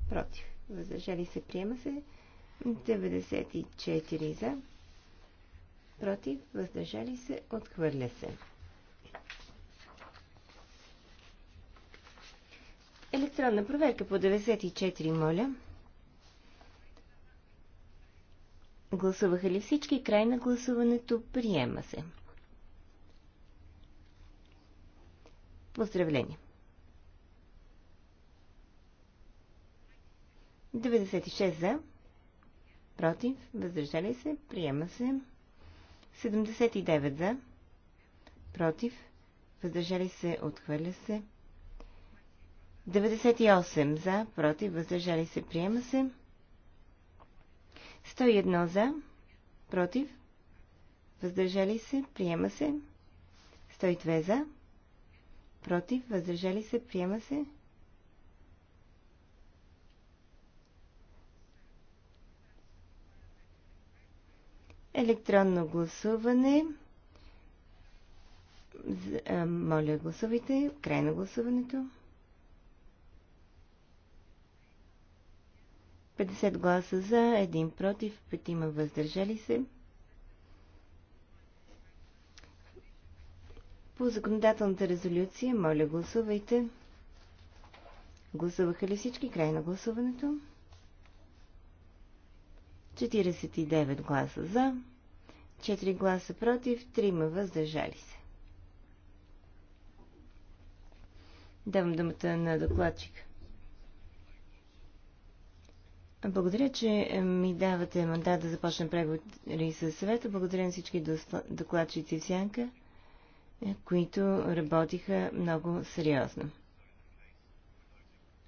Против. Въздържали се. Приема се. 94 за. Против. Въздържали се. Отхвърля се. Електронна проверка по 94, моля. Гласуваха ли всички? Край на гласуването. Приема се. Поздравление. 96 за против, въздържали се, приема се. 79 за, против, въздържали се, отхвърля се. 98 за, против, въздържали се, приема се. 101 за, против, въздържали се, приема се. 102 за, против, въздържали се, приема се. Електронно гласуване. Моля, гласувайте. Край на гласуването. 50 гласа за, 1 против, 5 има въздържали се. По законодателната резолюция, моля, гласувайте. Гласуваха ли всички? Край на гласуването. 49 гласа за, 4 гласа против, 3 въздържали се. Давам думата на докладчика. Благодаря, че ми давате мандат да започна преговори с съвета. Благодаря на всички докладчици в Сянка, които работиха много сериозно.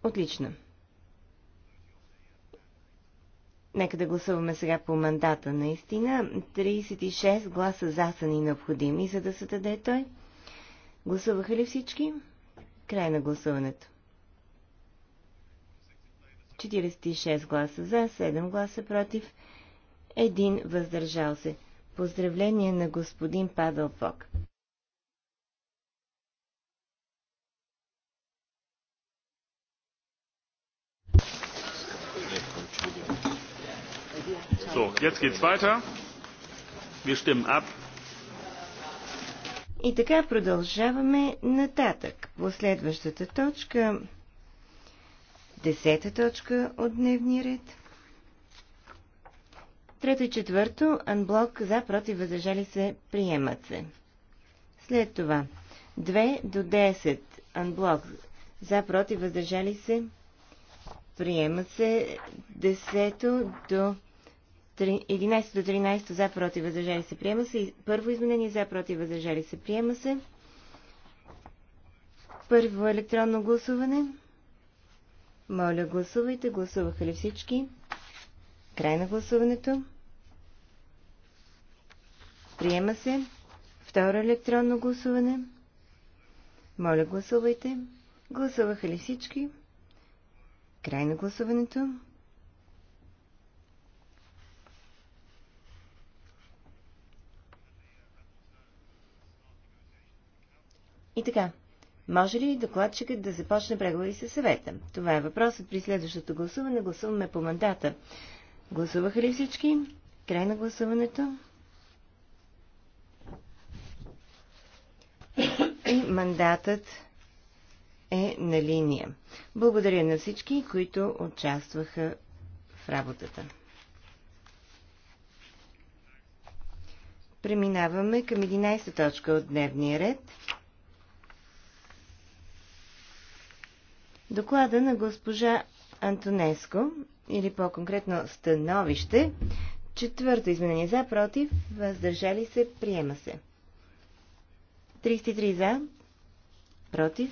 Отлично. Нека да гласуваме сега по мандата. Наистина, 36 гласа за са ни необходими, за да се даде той. Гласуваха ли всички? Край на гласуването. 46 гласа за, 7 гласа против, 1 въздържал се. Поздравление на господин Павел Фок. jetzt geht's weiter. Wir stimmen ab. И така продължаваме нататък. Последващата точка, десета точка от дневния ред. Трето и четвърто, анблок за, против, въздържали се, приемат се. След това, 2 до 10, анблок за, против, въздържали се, приемат се, Десето до 11 до 13 за против въздържали се приема се. Първо изменение за против въздържали се приема се. Първо електронно гласуване. Моля, гласувайте. Гласуваха ли всички? Край на гласуването. Приема се. Второ електронно гласуване. Моля, гласувайте. Гласуваха ли всички? Край на гласуването. И така, може ли докладчикът да започне преговори с съвета? Това е въпросът. При следващото гласуване гласуваме по мандата. Гласуваха ли всички? Край на гласуването. И мандатът е на линия. Благодаря на всички, които участваха в работата. Преминаваме към 11 точка от дневния ред. Доклада на госпожа Антонеско, или по-конкретно становище, четвърто изменение за, против, въздържали се, приема се. 33 за, против,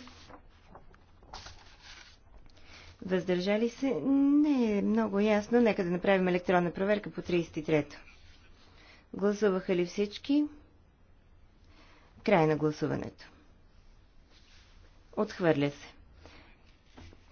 въздържали се, не е много ясно. Нека да направим електронна проверка по 33-то. Гласуваха ли всички? Край на гласуването. Отхвърля се.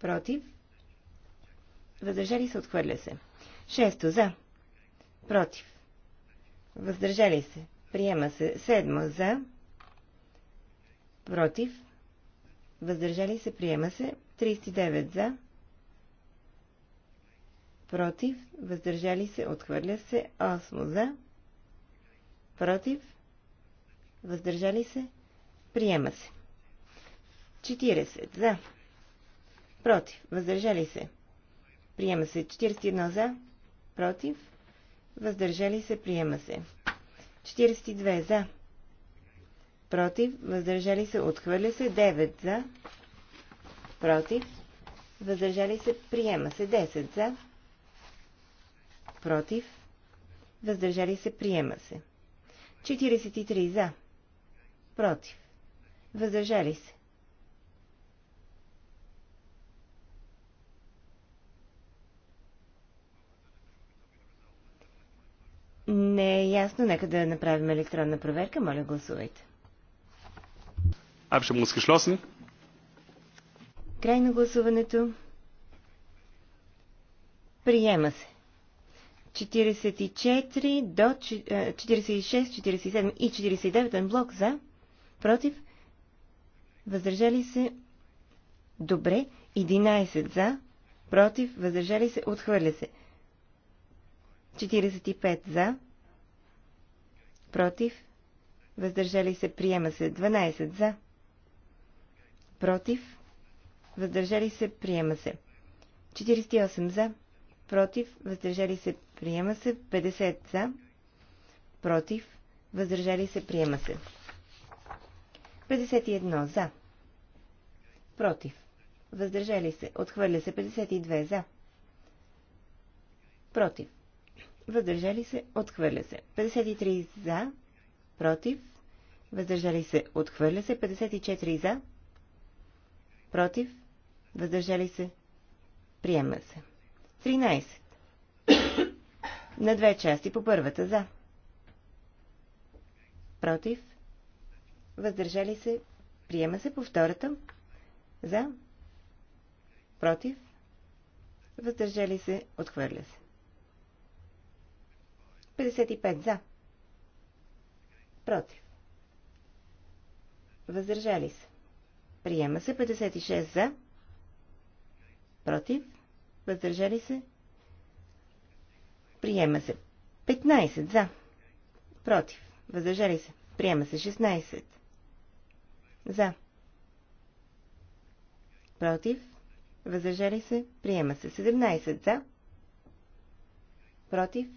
Против. Въздържали се. Отхвърля се. Шесто. За. Против. Въздържали се. Приема се. Седмо. За. Против. Въздържали се. Приема се. 39 за. Против. Въздържали се. Отхвърля се. 8 за. Против. Въздържали се. Приема се. 40 за против, въздържали се. Приема се 41 за, против, въздържали се, приема се. 42 за, против, въздържали се, отхвърля се, 9 за, против, въздържали се, приема се, 10 за, против, въздържали се, приема се. 43 за, против, въздържали се, не е ясно, нека да направим електронна проверка. Моля, гласувайте. Abstimmung ist geschlossen. Край на гласуването. Приема се. 44 до 46, 47 е, и 49 блок за, против, въздържали се, добре, 11 за, против, въздържали се, отхвърля се. 45 за, против, въздържали се, приема се 12 за, против, въздържали се, приема се 48 за, против, въздържали се, приема се 50 за, против, въздържали се, приема се 51 за, против, въздържали се, отхвърля се 52 за, против, въздържали се, отхвърля се. 53 за, против, въздържали се, отхвърля се. 54 за, против, въздържали се, приема се. 13. На две части по първата за. Против, въздържали се, приема се по втората. За, против, въздържали се, отхвърля се. 55 за. Против. Въздържали се. Приема се 56 за. Против. Въздържали се. Приема се 15 за. Против. Въздържали се. Приема се 16. За. Против. Въздържали се. Приема се 17. За. Против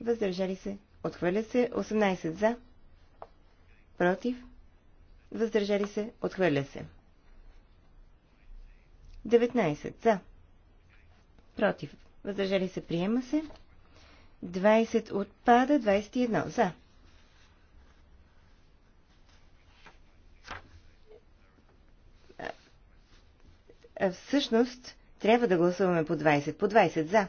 въздържали се, отхвърля се, 18 за, против, въздържали се, отхвърля се. 19 за, против, въздържали се, приема се, 20 отпада, 21 за. А всъщност трябва да гласуваме по 20. По 20 за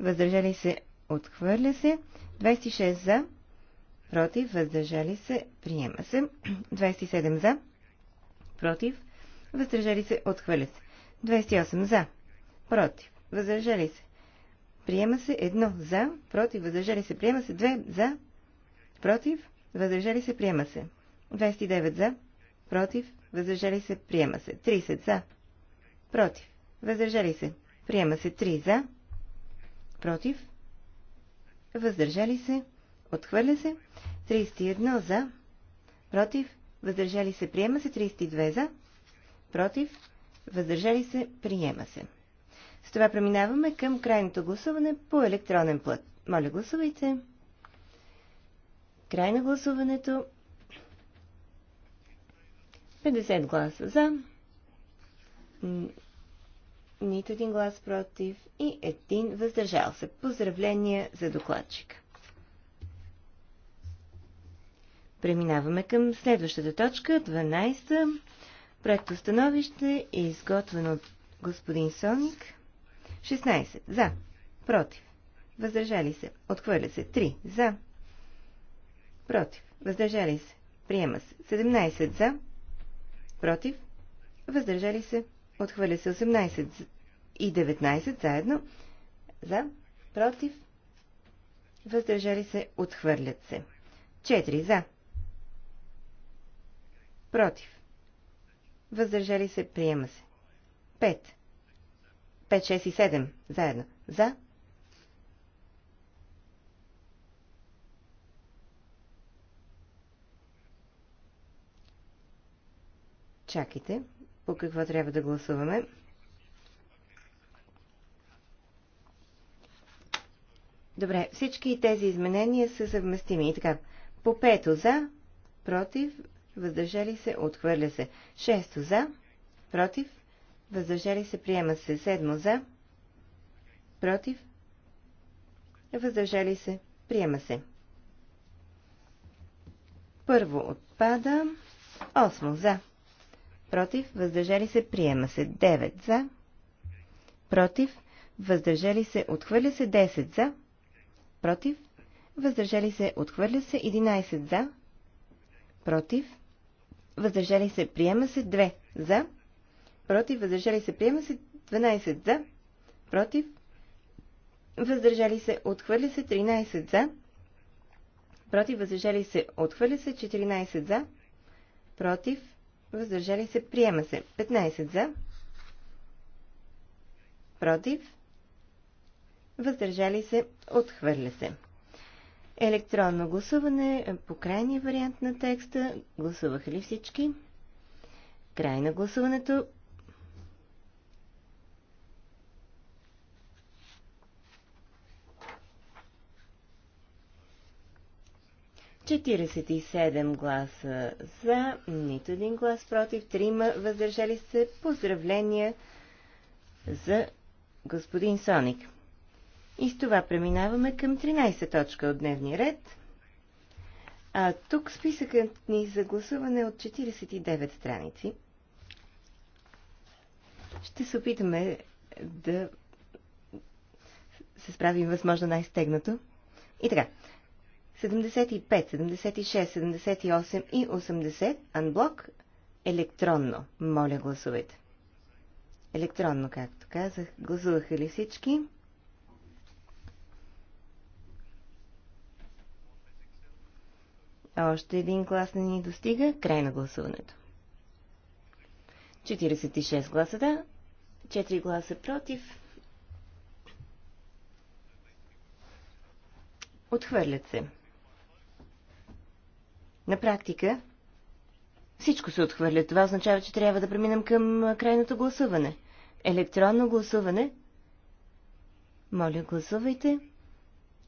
въздържали се, отхвърля се. 26 за, против, въздържали се, приема се. 27 за, против, въздържали се, отхвърля се. 28 за, против, въздържали се, приема се. 1 за, против, въздържали се, приема се. 2 за, против, въздържали се, приема се. 29 за, против, въздържали се, приема се. 30 за, против, въздържали се, приема се. 3 за, против, въздържали се, отхвърля се, 31 за, против, въздържали се, приема се, 32 за, против, въздържали се, приема се. С това преминаваме към крайното гласуване по електронен път. Моля, гласувайте. Край на гласуването. 50 гласа за, нито един глас против и един въздържал се. Поздравления за докладчика. Преминаваме към следващата точка, 12-та. Проектостановище е изготвено от господин Соник. 16. За. Против. Въздържали се. Отхвърля се. 3. За. Против. Въздържали се. Приема се. 17. За. Против. Въздържали се. Отхвърля се 18 и 19 заедно. За, против, въздържали се, отхвърлят се. 4 за, против, въздържали се, приема се. 5, 5, 6 и 7 заедно. За, Чакайте, по какво трябва да гласуваме. Добре, всички тези изменения са съвместими. И така, по пето за, против, въздържали се, отхвърля се. Шесто за, против, въздържали се, приема се. Седмо за, против, въздържали се, приема се. Първо отпада. Осмо за. Против, въздържали се, приема се. 9 за. Против, въздържали се, отхвърля се. 10 за против, въздържали се, отхвърля се, 11 за, против, въздържали се, приема се, 2 за, против, въздържали се, приема се, 12 за, против, въздържали се, отхвърля се, 13 за, против, въздържали се, отхвърля се, 14 за, против, въздържали се, приема се, 15 за, против, въздържали се, отхвърля се. Електронно гласуване по крайния вариант на текста. Гласуваха ли всички? Край на гласуването. Четиридесет и седем гласа за, нито един глас против, трима въздържали се. Поздравления за господин Соник. И с това преминаваме към 13 точка от дневния ред. А тук списъкът ни за гласуване е от 49 страници. Ще се опитаме да се справим възможно най-стегнато. И така. 75, 76, 78 и 80 анблок електронно. Моля, гласувайте. Електронно, както казах. Гласуваха ли всички? Още един глас не ни достига. Край на гласуването. 46 гласа да, 4 гласа против. Отхвърлят се. На практика всичко се отхвърля. Това означава, че трябва да преминем към крайното гласуване. Електронно гласуване. Моля, гласувайте.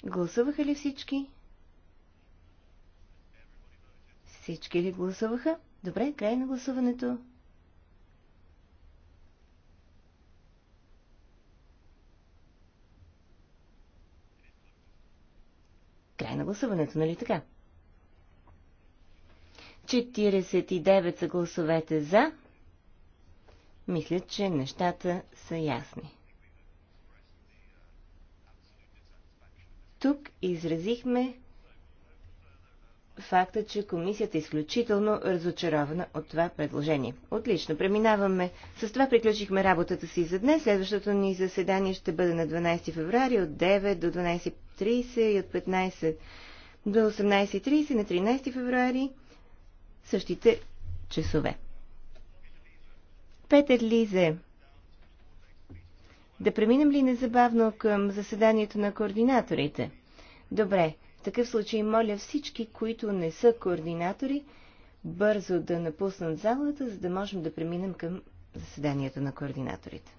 Гласуваха ли всички? Всички ли гласуваха? Добре, край на гласуването. Край на гласуването, нали така? 49 са гласовете за. Мисля, че нещата са ясни. Тук изразихме факта, че комисията е изключително разочарована от това предложение. Отлично, преминаваме. С това приключихме работата си за днес. Следващото ни заседание ще бъде на 12 феврари от 9 до 12.30 и от 15 до 18.30 на 13 феврари същите часове. Петър Лизе. Да преминем ли незабавно към заседанието на координаторите? Добре такъв случай моля всички, които не са координатори, бързо да напуснат залата, за да можем да преминем към заседанието на координаторите.